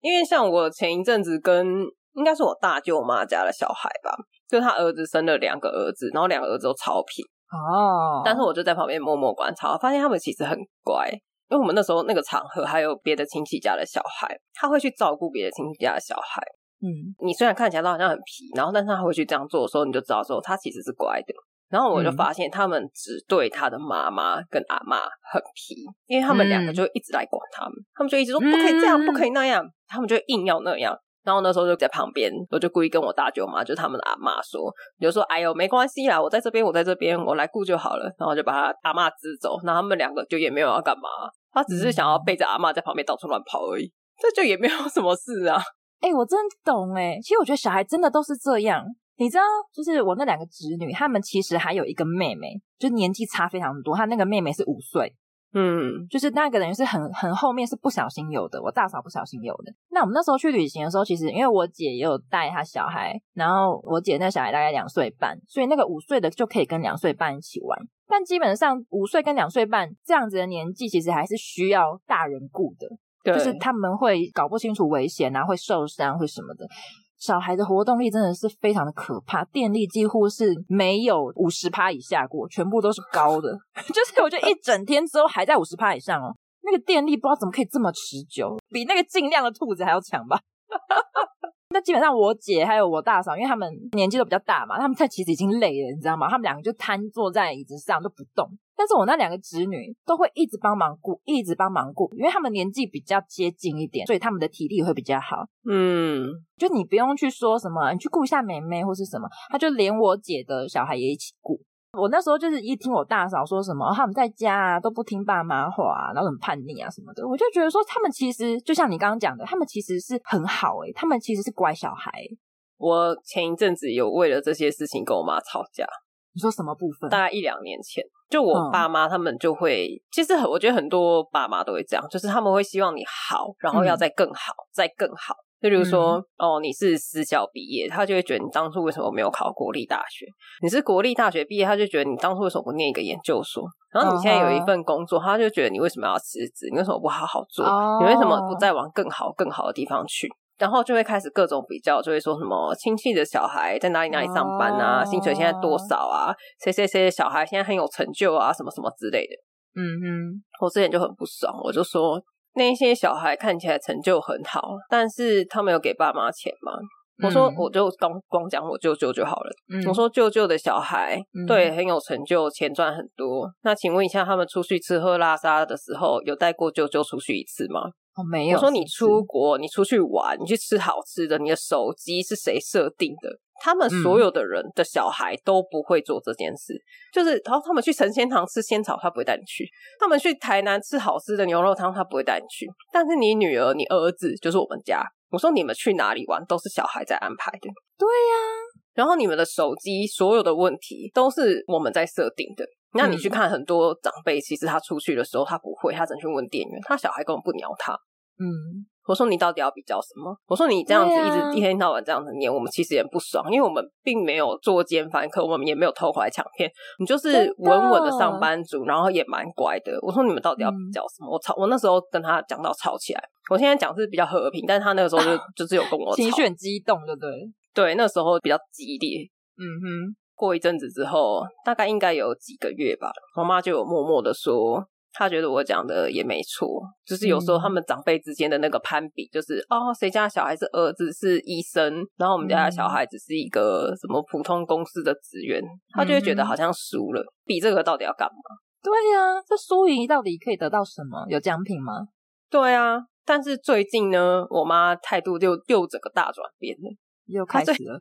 因為像我前一陣子跟應該是我大舅媽家的小孩吧。就他兒子生了兩個兒子，然後兩個兒子都超皮哦，oh. 但是我就在旁邊默默觀察，發現他們其實很乖。因為我們那時候那個場合還有別的親戚家的小孩，他會去照顧別的親戚家的小孩。嗯，你雖然看起來都好像很皮，然後但是他會去這樣做的時候，你就知道說他其實是乖的。然後我就發現他們只對他的媽媽跟阿媽很皮，因為他們兩個就一直來管他們，嗯、他們就一直說、嗯、不可以這樣，不可以那樣，他們就硬要那樣。然後那時候就在旁邊，我就故意跟我大舅媽，就是、他們的阿媽說，你就說，哎呦，沒關係啦，我在這邊，我在這邊，我來顧就好了。然後就把他阿媽支走，那他們兩個就也沒有要幹嘛，他只是想要背着阿媽在旁邊到處亂跑而已，這就也沒有什麼事啊。哎、欸，我真懂哎、欸，其實我覺得小孩真的都是這樣。你知道，就是我那兩個侄女，他們其實還有一個妹妹，就年紀差非常多，他那個妹妹是五歲。嗯，就是那個等於是很很後面是不小心有的，我大嫂不小心有的。那我們那時候去旅行的時候，其實因為我姐也有帶她小孩，然後我姐那小孩大概兩歲半，所以那個五歲的就可以跟兩歲半一起玩。但基本上五歲跟兩歲半這樣子的年紀，其實還是需要大人顧的。對，就是他們會搞不清楚危險啊，會受傷，會什麼的。小孩的活動力真的是非常的可怕，電力幾乎是沒有五十趴以下過，全部都是高的， 就是我覺得一整天之後還在五十趴以上哦。那個電力不知道怎麼可以這麼持久，比那個金頂的兔子還要強吧？ 那基本上我姐還有我大嫂，因為他們年紀都比較大嘛，他們他其實已經累了，你知道嗎？他們兩個就癱坐在椅子上都不動。但是我那兩個侄女都會一直幫忙顧，一直幫忙顧，因為他們年紀比較接近一點，所以他們的體力會比較好。嗯，就你不用去說什麼，你去顧一下妹妹或是什麼，他就連我姐的小孩也一起顧。我那時候就是一聽我大嫂說什麼，哦，他們在家啊，都不聽爸媽話啊，然後很叛逆啊什麼的，我就覺得說他們其實就像你剛剛講的，他們其實是很好哎欸，他們其實是乖小孩欸。我前一陣子有為了這些事情跟我媽吵架。你說什麼部分？大概一兩年前，就我爸媽他們就會、嗯，其實很，我覺得很多爸媽都會這樣，就是他們會希望你好，然後要再更好，嗯、再更好。就比如說，嗯、哦，你是私校畢業，他就會覺得你當初為什麼沒有考國立大學？你是國立大學畢業，他就覺得你當初為什麼不念一個研究所？然後你現在有一份工作，嗯、他就覺得你為什麼要辭職？你為什麼不好好做？嗯、你為什麼不再往更好、更好的地方去？然後就會開始各種比較，就會說什麼親戚的小孩在哪裡哪裡上班啊，Oh. 薪水現在多少啊，誰誰誰的小孩現在很有成就啊，什麼什麼之類的。嗯哼，我之前就很不爽，我就說那些小孩看起來成就很好，Oh. 但是他沒有給爸媽錢嘛。我說，我就光光講我舅舅就好了。嗯、我說舅舅的小孩、嗯、對，很有成就，錢賺很多、嗯。那請問一下，他們出去吃喝拉撒的時候，有帶過舅舅出去一次嗎？我、哦、沒有。我說你出國，你出去玩，你去吃好吃的，你的手機是誰設定的？他們所有的人的小孩都不會做這件事，嗯，就是然後他們去神仙堂吃仙草，他不會帶你去；他們去台南吃好吃的牛肉湯，他不會帶你去。但是你女兒、你兒子就是我們家，我說你們去哪裡玩都是小孩在安排的，對呀、啊。然後你們的手機所有的問題都是我們在設定的。那你去看很多長輩，其實他出去的時候他不會，他只能去問店員，他小孩根本不鳥他。嗯，嗯。我說你到底要比較什麼？我說你這樣子一直、啊、一天到晚這樣子念，我們其實也不爽，因為我們並沒有作奸犯科，我們也沒有偷拐搶騙，你就是穩穩的上班族，然後也蠻乖的。我說你們到底要比較什麼？嗯、我操！我那時候跟他講到吵起來。我現在講的是比較和平，但他那個時候就、啊、就是有跟我情緒很激動，對不對？對，那時候比較激烈。嗯哼，過一陣子之後，大概應該有幾個月吧，我媽、媽就有默默的說。他覺得我講的也沒錯，就是有時候他們長輩之間的那個攀比，就是、嗯、哦，誰家小孩子兒子是醫生，然後我們家的小孩子是一個什麼普通公司的職員，他就會覺得好像輸了，嗯、比這個到底要幹嘛？對呀、啊，這輸贏到底可以得到什麼？有獎品嗎？對啊，但是最近呢，我媽態度就又整個大轉變了，又開始了。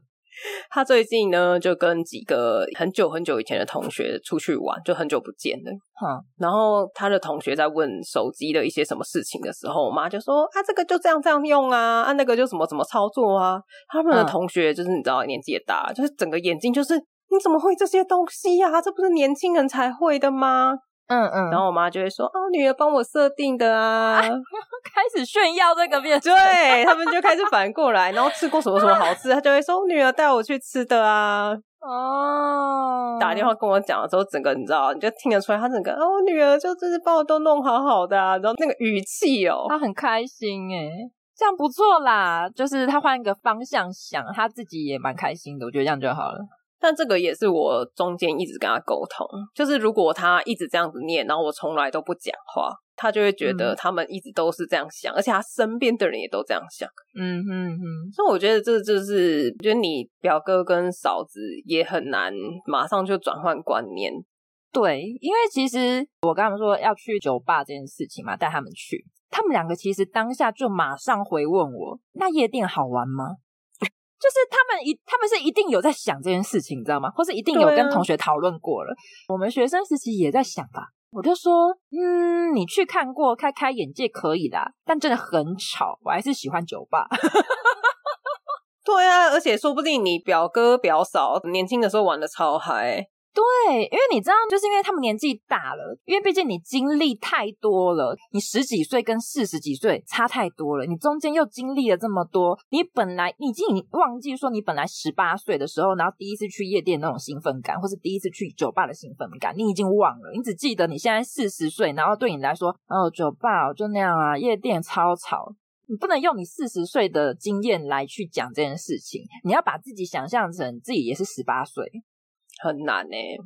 他最近呢，就跟幾個很久很久以前的同學出去玩，就很久不見的、嗯。然後他的同學在問手機的一些什麼事情的時候，我媽就說：“啊，這個就這樣這樣用啊，啊，那個就什麼怎麼操作啊。”他們的同學就是你知道年紀也大，嗯、就是整個眼睛就是你怎麼會這些東西啊？這不是年輕人才會的嗎？嗯嗯，然後我媽就會說啊，女兒幫我設定的啊，啊，開始炫耀這個面子。對，他們就開始反過來， 然後吃過什麼什麼好吃，他就會說，女兒帶我去吃的啊。哦，打電話跟我講的時候，整個你知道，你就聽得出來，他整個哦、啊，女兒就真是幫我都弄好好的，啊。然後那個語氣哦，他很開心哎、欸，這樣不錯啦，就是他換一個方向想，他自己也蠻開心的，我覺得這樣就好了。但這個也是我中間一直跟他溝通，就是如果他一直這樣子念，然後我從來都不講話，他就會覺得他們一直都是這樣想，嗯、而且他身邊的人也都這樣想。嗯哼哼。所以我覺得這就是，覺得你表哥跟嫂子也很難馬上就轉換觀念。對，因為其實我剛剛說要去酒吧這件事情嘛，帶他們去，他們兩個其實當下就馬上回問我，那夜店好玩嗎？就是他們一，他們是一定有在想這件事情，你知道嗎？或是一定有跟同學討論過了。啊。我們學生時期也在想吧。我就說，嗯，你去看過，開開眼界可以的，但真的很吵，我還是喜歡酒吧。 對啊，而且說不定你表哥表嫂年輕的時候玩的超嗨。對，因為你知道，就是因為他們年紀大了，因為畢竟你經歷太多了，你十幾歲跟四十幾歲差太多了，你中間又經歷了這麼多，你本來你已經忘記說你本來十八歲的時候，然後第一次去夜店那種興奮感，或是第一次去酒吧的興奮感，你已經忘了，你只記得你現在四十歲，然後對你來說，哦，酒吧就那樣啊，夜店超吵，你不能用你四十歲的經驗來去講這件事情，你要把自己想象成自己也是十八歲。很難呢、欸，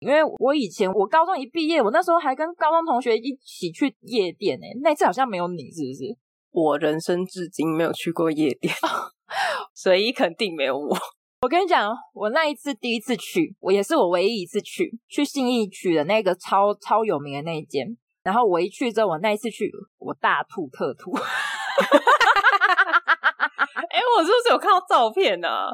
因為我以前我高中一畢業，我那時候還跟高中同學一起去夜店呢、欸。那次好像沒有你，是不是？我人生至今沒有去過夜店，oh. 所以肯定沒有我。我跟你講，我那一次第一次去，我也是我唯一一次去去信義區的那個超超有名的那一間。然後我一去之後，我那一次去我大吐特吐。哎、 欸，我是不是有看到照片呢、啊？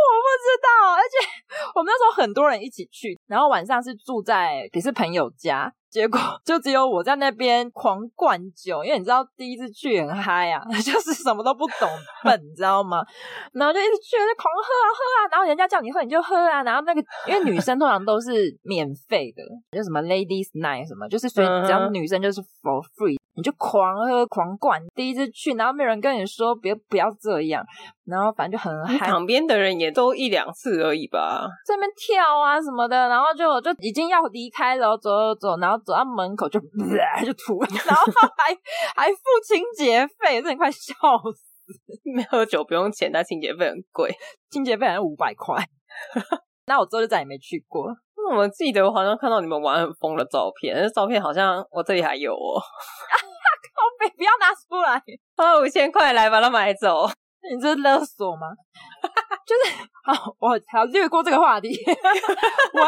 我不知道，而且我們那時候很多人一起去，然後晚上是住在也是朋友家，結果就只有我在那邊狂灌酒，因為你知道第一次去很嗨啊，就是什麼都不懂，笨，你知道嗎？ 然後就一直去，就狂喝啊喝啊，然後人家叫你喝你就喝啊，然後那個，因為女生通常都是免費的，就什麼 ladies night 什麼，就是所以只要女生就是 for free。你就狂喝狂灌，第一次去，然後沒有人跟你說別不要這樣，然後反正就很嗨。旁邊的人也都一兩次而已吧。在那邊跳啊什麼的，然後就就已經要離開了，然後走走走，然後走到門口就 就吐，然後還還付清潔費，真的快笑死。沒喝酒不用錢，但清潔費很貴，清潔費好像五百塊。 那我之後就再也沒去過。我記得我好像看到你們玩很瘋的照片，那照片好像我這裡還有哦、喔。靠 北，不要拿出來！花五千塊來把它買走，你這勒索嗎？ 就是好，我好略過這個話題。 我要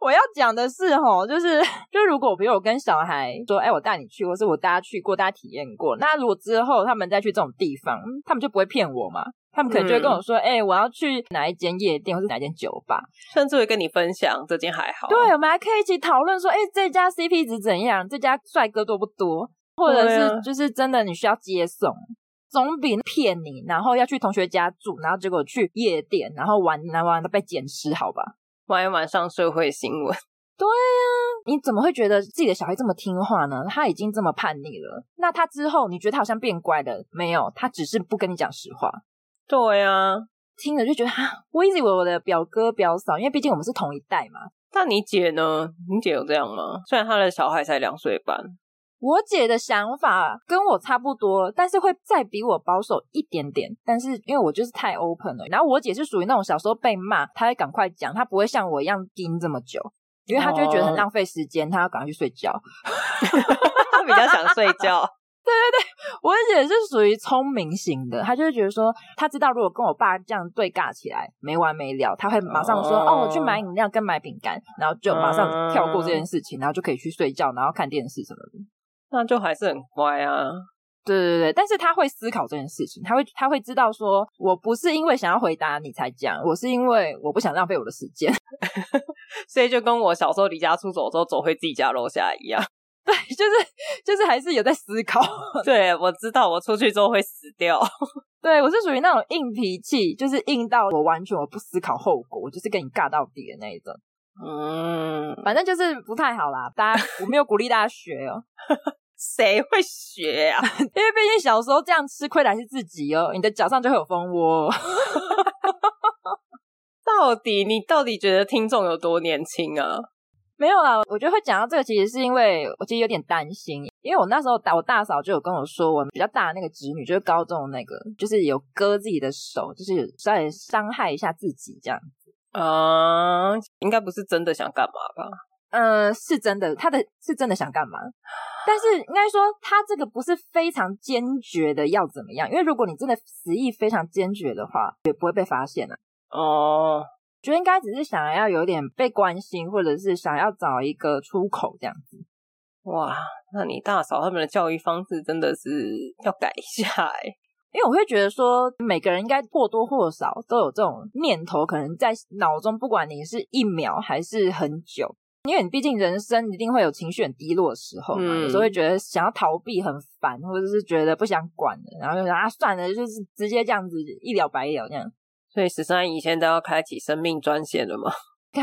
我，我要講的是哈，就是就如果比如我跟小孩說，哎、欸，我帶你去，或是我帶大家去過，大家體驗過，那如果之後他們再去這種地方，他們就不會騙我嗎？他們可能就會跟我說：“哎、嗯欸，我要去哪一間夜店，或是哪一間酒吧。”甚至會跟你分享這間還好。對，我們還可以一起討論說：“哎、欸，這家 CP 值怎樣？這家帥哥多不多？”或者是就是真的你需要接送，啊、總比騙你，然後要去同學家住，然後結果去夜店，然後玩來玩的被撿屍，好吧？玩一玩上社會新聞。對啊，你怎麼會覺得自己的小孩這麼聽話呢？他已經這麼叛逆了，那他之後你覺得他好像變乖了？沒有，他只是不跟你講實話。對呀、啊，聽着就覺得哈。我一直以為我的表哥表嫂，因為畢竟我們是同一代嘛。那你姐呢？你姐有這樣嗎？雖然她的小孩才兩歲半。我姐的想法跟我差不多，但是會再比我保守一點點。但是因為我就是太 open 了，然後我姐是屬於那種小時候被罵，她會趕快講，她不會像我一樣盯這麼久，因為她就會覺得很浪費時間，她要趕快去睡覺，哦、 她比較想睡覺。 對對對，我姐是屬於聰明型的，她就會覺得說，他知道如果跟我爸這樣對尬起來沒完沒了，他會馬上說，oh. 哦，我去買飲料跟買餅乾，然後就馬上跳過這件事情，oh. 然後就可以去睡覺，然後看電視什麼的，那就還是很乖啊。對對對，但是他會思考這件事情，他會他會知道說我不是因為想要回答你才講，我是因為我不想浪費我的時間， 所以就跟我小時候離家出走之後走回自己家樓下一樣。對，就是就是，還是有在思考。對，我知道，我出去之後會死掉。對，我是屬於那種硬脾氣，就是硬到我完全我不思考後果，我就是跟你尬到底的那一種。嗯，反正就是不太好啦。大家，我沒有鼓勵大家學哦、喔，誰 會學啊？ 因為畢竟小時候這樣吃虧的還是自己哦、喔，你的腳上就會有蜂窩、喔。 到底你到底覺得聽眾有多年輕啊？沒有啦，我覺得會講到這個，其實是因為我其實有點擔心，因為我那時候我大嫂就有跟我說，我比較大的那個侄女，就是高中的那個，就是有割自己的手，就是在傷害一下自己這樣子。嗯，應該不是真的想幹嘛吧？嗯，是真的，他的是真的想幹嘛，但是應該說他這個不是非常堅決的要怎麼樣，因為如果你真的執意非常堅決的話，也不會被發現啊。哦、嗯。就應該只是想要有點被關心，或者是想要找一個出口這樣子。哇，那你大嫂他們的教育方式真的是要改一下哎，因為我會覺得說每個人應該或多或少都有這種念頭，可能在腦中，不管你是一秒還是很久，因為你畢竟人生一定會有情緒很低落的時候嘛、嗯，有時候會覺得想要逃避很煩，或者是覺得不想管了，然後就想啊算了，就是直接這樣子一了百了這樣。對，十三姨現在都要開啟生命專線了嗎？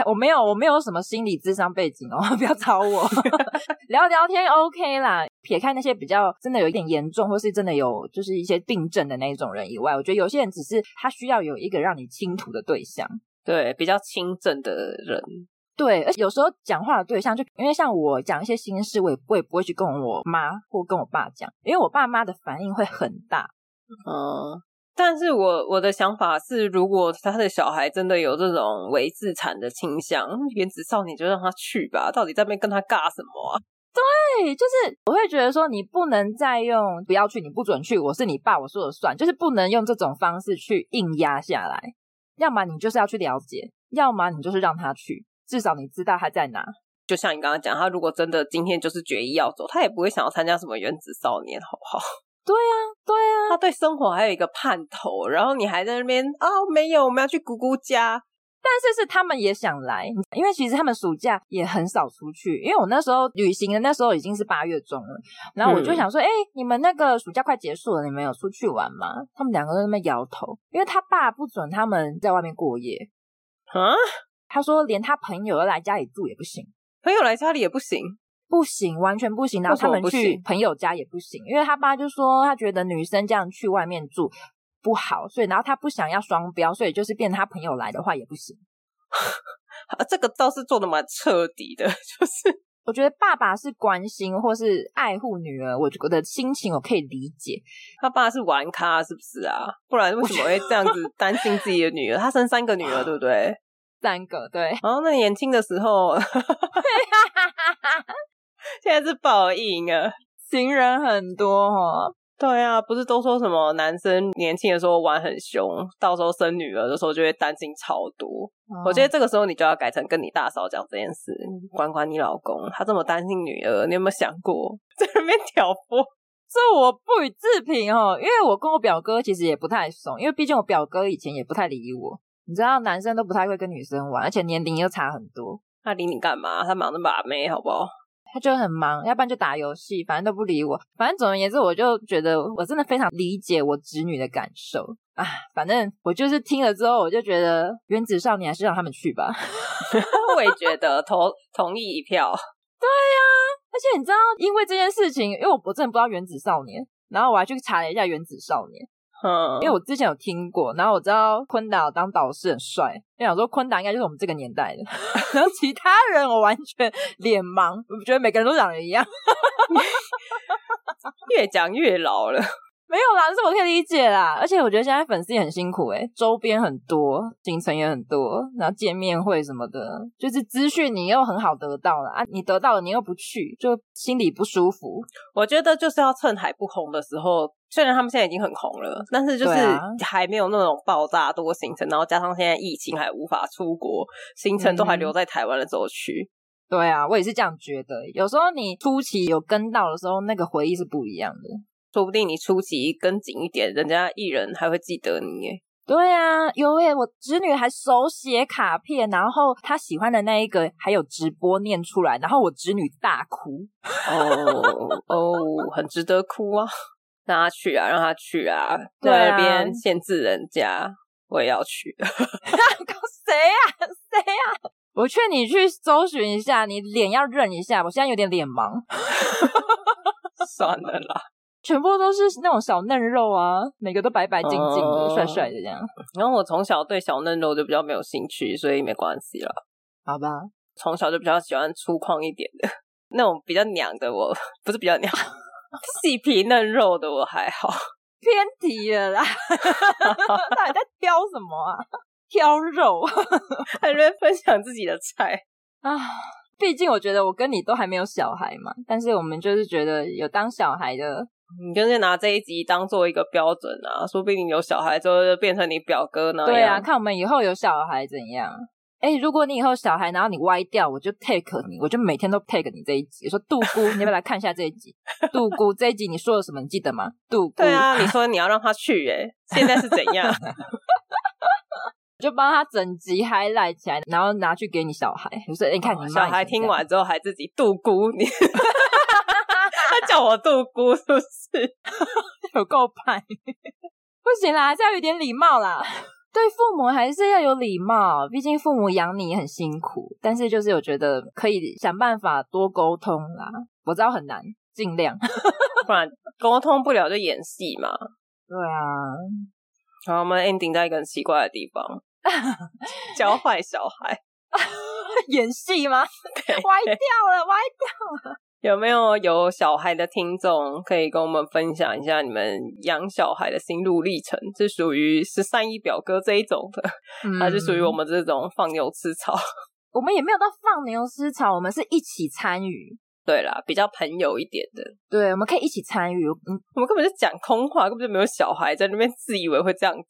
我沒有，我沒有什麼心理諮商背景哦，不要吵我 聊聊天 OK 啦。撇開那些比較真的有一點嚴重，或是真的有就是一些病症的那一種人以外，我覺得有些人只是他需要有一個讓你傾吐的對象。對，比較輕症的人，對，而且有時候講話的對象就，就因為像我講一些心事，我也我也不會去跟我媽或跟我爸講，因為我爸媽的反應會很大。嗯。但是我我的想法是，如果他的小孩真的有這種為自殘的傾向，原子少年就讓他去吧。到底在那邊跟他尬什麼啊？對，就是我會覺得說，你不能再用不要去，你不准去，我是你爸，我說了算，就是不能用這種方式去硬壓下來。要麼你就是要去了解，要麼你就是讓他去，至少你知道他在哪。就像你剛剛講，他如果真的今天就是決意要走，他也不會想要參加什麼原子少年，好不好？對啊，對啊，他對生活還有一個盼頭，然後你還在那邊啊、哦，沒有，我們要去姑姑家，但是是他們也想來，因為其實他們暑假也很少出去，因為我那時候旅行的那時候已經是八月中了，然後我就想說，哎、嗯欸，你們那個暑假快結束了，你們有出去玩嗎？他們兩個在那邊搖頭，因為他爸不准他們在外面過夜，啊，他說連他朋友都來家裡住也不行，朋友來家裡也不行。不行，完全不行。然後他們去朋友家也不行，為什麼不行？因為他爸就說他覺得女生這樣去外面住不好，所以然後他不想要雙標，所以就是變成他朋友來的話也不行。這個倒是做得蠻徹底的，就是我覺得爸爸是關心或是愛護女兒，我覺得我心情我可以理解。他爸是玩咖是不是啊？不然為什麼會這樣子擔心自己的女兒？他生三個女兒、啊、對不對？三個對。然後那年輕的時候。 現在是報應啊！行人很多哈、哦。對啊，不是都說什麼男生年輕的時候玩很凶，到時候生女兒的時候就會擔心超多、哦。我覺得這個時候你就要改成跟你大嫂講這件事，管管你老公，他這麼擔心女兒，你有沒有想過在那邊挑撥？ 這我不予置評哈、哦，因為我跟我表哥其實也不太熟，因為畢竟我表哥以前也不太理我。你知道，男生都不太會跟女生玩，而且年齡又差很多，他理你幹嘛？他忙着把妹，好不好？他就很忙，要不然就打遊戲，反正都不理我。反正總而言之，我就覺得我真的非常理解我侄女的感受啊。反正我就是聽了之後，我就覺得原子少年還是讓他們去吧。 我也覺得投同,同意一票。對呀、啊，而且你知道，因為這件事情，因為我我真的不知道原子少年，然後我還去查了一下原子少年。嗯，因為我之前有聽過，然後我知道坤達我當導師很帥，就想說坤達應該就是我們這個年代的，然後其他人我完全臉盲，我覺得每個人都長得一樣， 越講越老了。沒有啦，這是我可以理解啦。而且我覺得現在粉絲也很辛苦哎、欸，周邊很多，行程也很多，然後見面會什麼的，就是資訊你又很好得到了啊，你得到了你又不去，就心裡不舒服。我覺得就是要趁還不紅的時候，雖然他們現在已經很紅了，但是就是還沒有那種爆炸多行程，然後加上現在疫情還無法出國，行程都還留在台灣的時候去、嗯。對啊，我也是這樣覺得。有時候你初期有跟到的時候，那個回憶是不一樣的。說不定你出席跟緊一點，人家藝人還會記得你耶。對啊，因為我侄女還手寫卡片，然後她喜歡的那一個還有直播念出來，然後我侄女大哭。哦哦，很值得哭啊！讓他去啊，讓他去啊！對啊，在那邊限制人家，我也要去 誰、啊。誰呀誰呀？我勸你去搜尋一下，你臉要認一下。我現在有點臉盲。 算了啦。全部都是那種小嫩肉啊，每個都白白淨淨的、哦、帥帥的這樣。然後我從小對小嫩肉就比較沒有興趣，所以沒關係啦，好吧。從小就比較喜歡粗獷一點的，那種比較娘的我，不是比較娘， 細皮嫩肉的我還好。偏題了啦，到 底 在挑什麼啊？ 挑肉？ 還在分享自己的菜啊？畢竟我覺得我跟你都還沒有小孩嘛，但是我們就是覺得有當小孩的。你就是拿這一集當做一個標準啊，說不定你有小孩之後就變成你表哥呢。對啊，看我們以後有小孩怎樣。哎、欸，如果你以後小孩，然後你歪掉，我就 take 你，我就每天都 take 你這一集。我說度菇，你要不要來看一下這一集？度菇 這一集你說了什麼你記得嗎？度菇。對啊，你說你要讓他去、欸，哎， 現在是怎樣？我 就幫他整集 highlight 起來，然後拿去給你小孩。就是欸、看你說你看小孩聽完之後還自己度菇你。 他叫我度菇，是不是 有夠夠拍派笑不行啦，要有點禮貌啦。 對父母還是要有禮貌，畢竟父母養你很辛苦。但是就是我覺得可以想辦法多溝通啦。我知道很難，盡量。 不然溝通不了就演戲嘛。對啊。好、啊，我們 ending 在一個很奇怪的地方， 教壞小孩 演戲嗎？歪掉了，歪掉了。有沒有有小孩的聽眾可以跟我們分享一下你們養小孩的心路歷程？是屬於十三姨表哥這一種的，嗯、還是屬於我們這種放牛吃草？我們也沒有到放牛吃草，我們是一起參與。對啦，比較朋友一點的。對，我們可以一起參與、嗯。我們根本就講空話，根本就沒有小孩在那邊自以為會這樣子。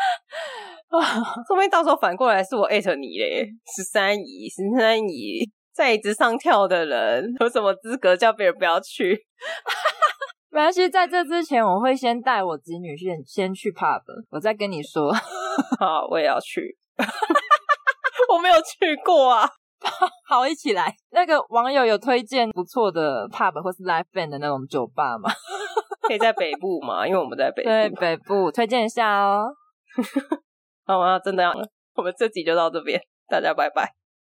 啊，後面到時候反過來是我艾特你嘞，十三姨，十三姨。在椅子上跳的人有什麼資格叫別人不要去？ 沒關係，在這之前我會先帶我姪女去先去 pub。我再跟你說， 好，我也要去。 我沒有去過啊， 好，一起來。那個網友有推薦不錯的 pub 或是 live band 的那種酒吧嗎？ 可以在北部嗎？因為我們在北部對北部推薦一下哦。 好、啊，我要真的要，我們這集就到這邊，大家拜拜。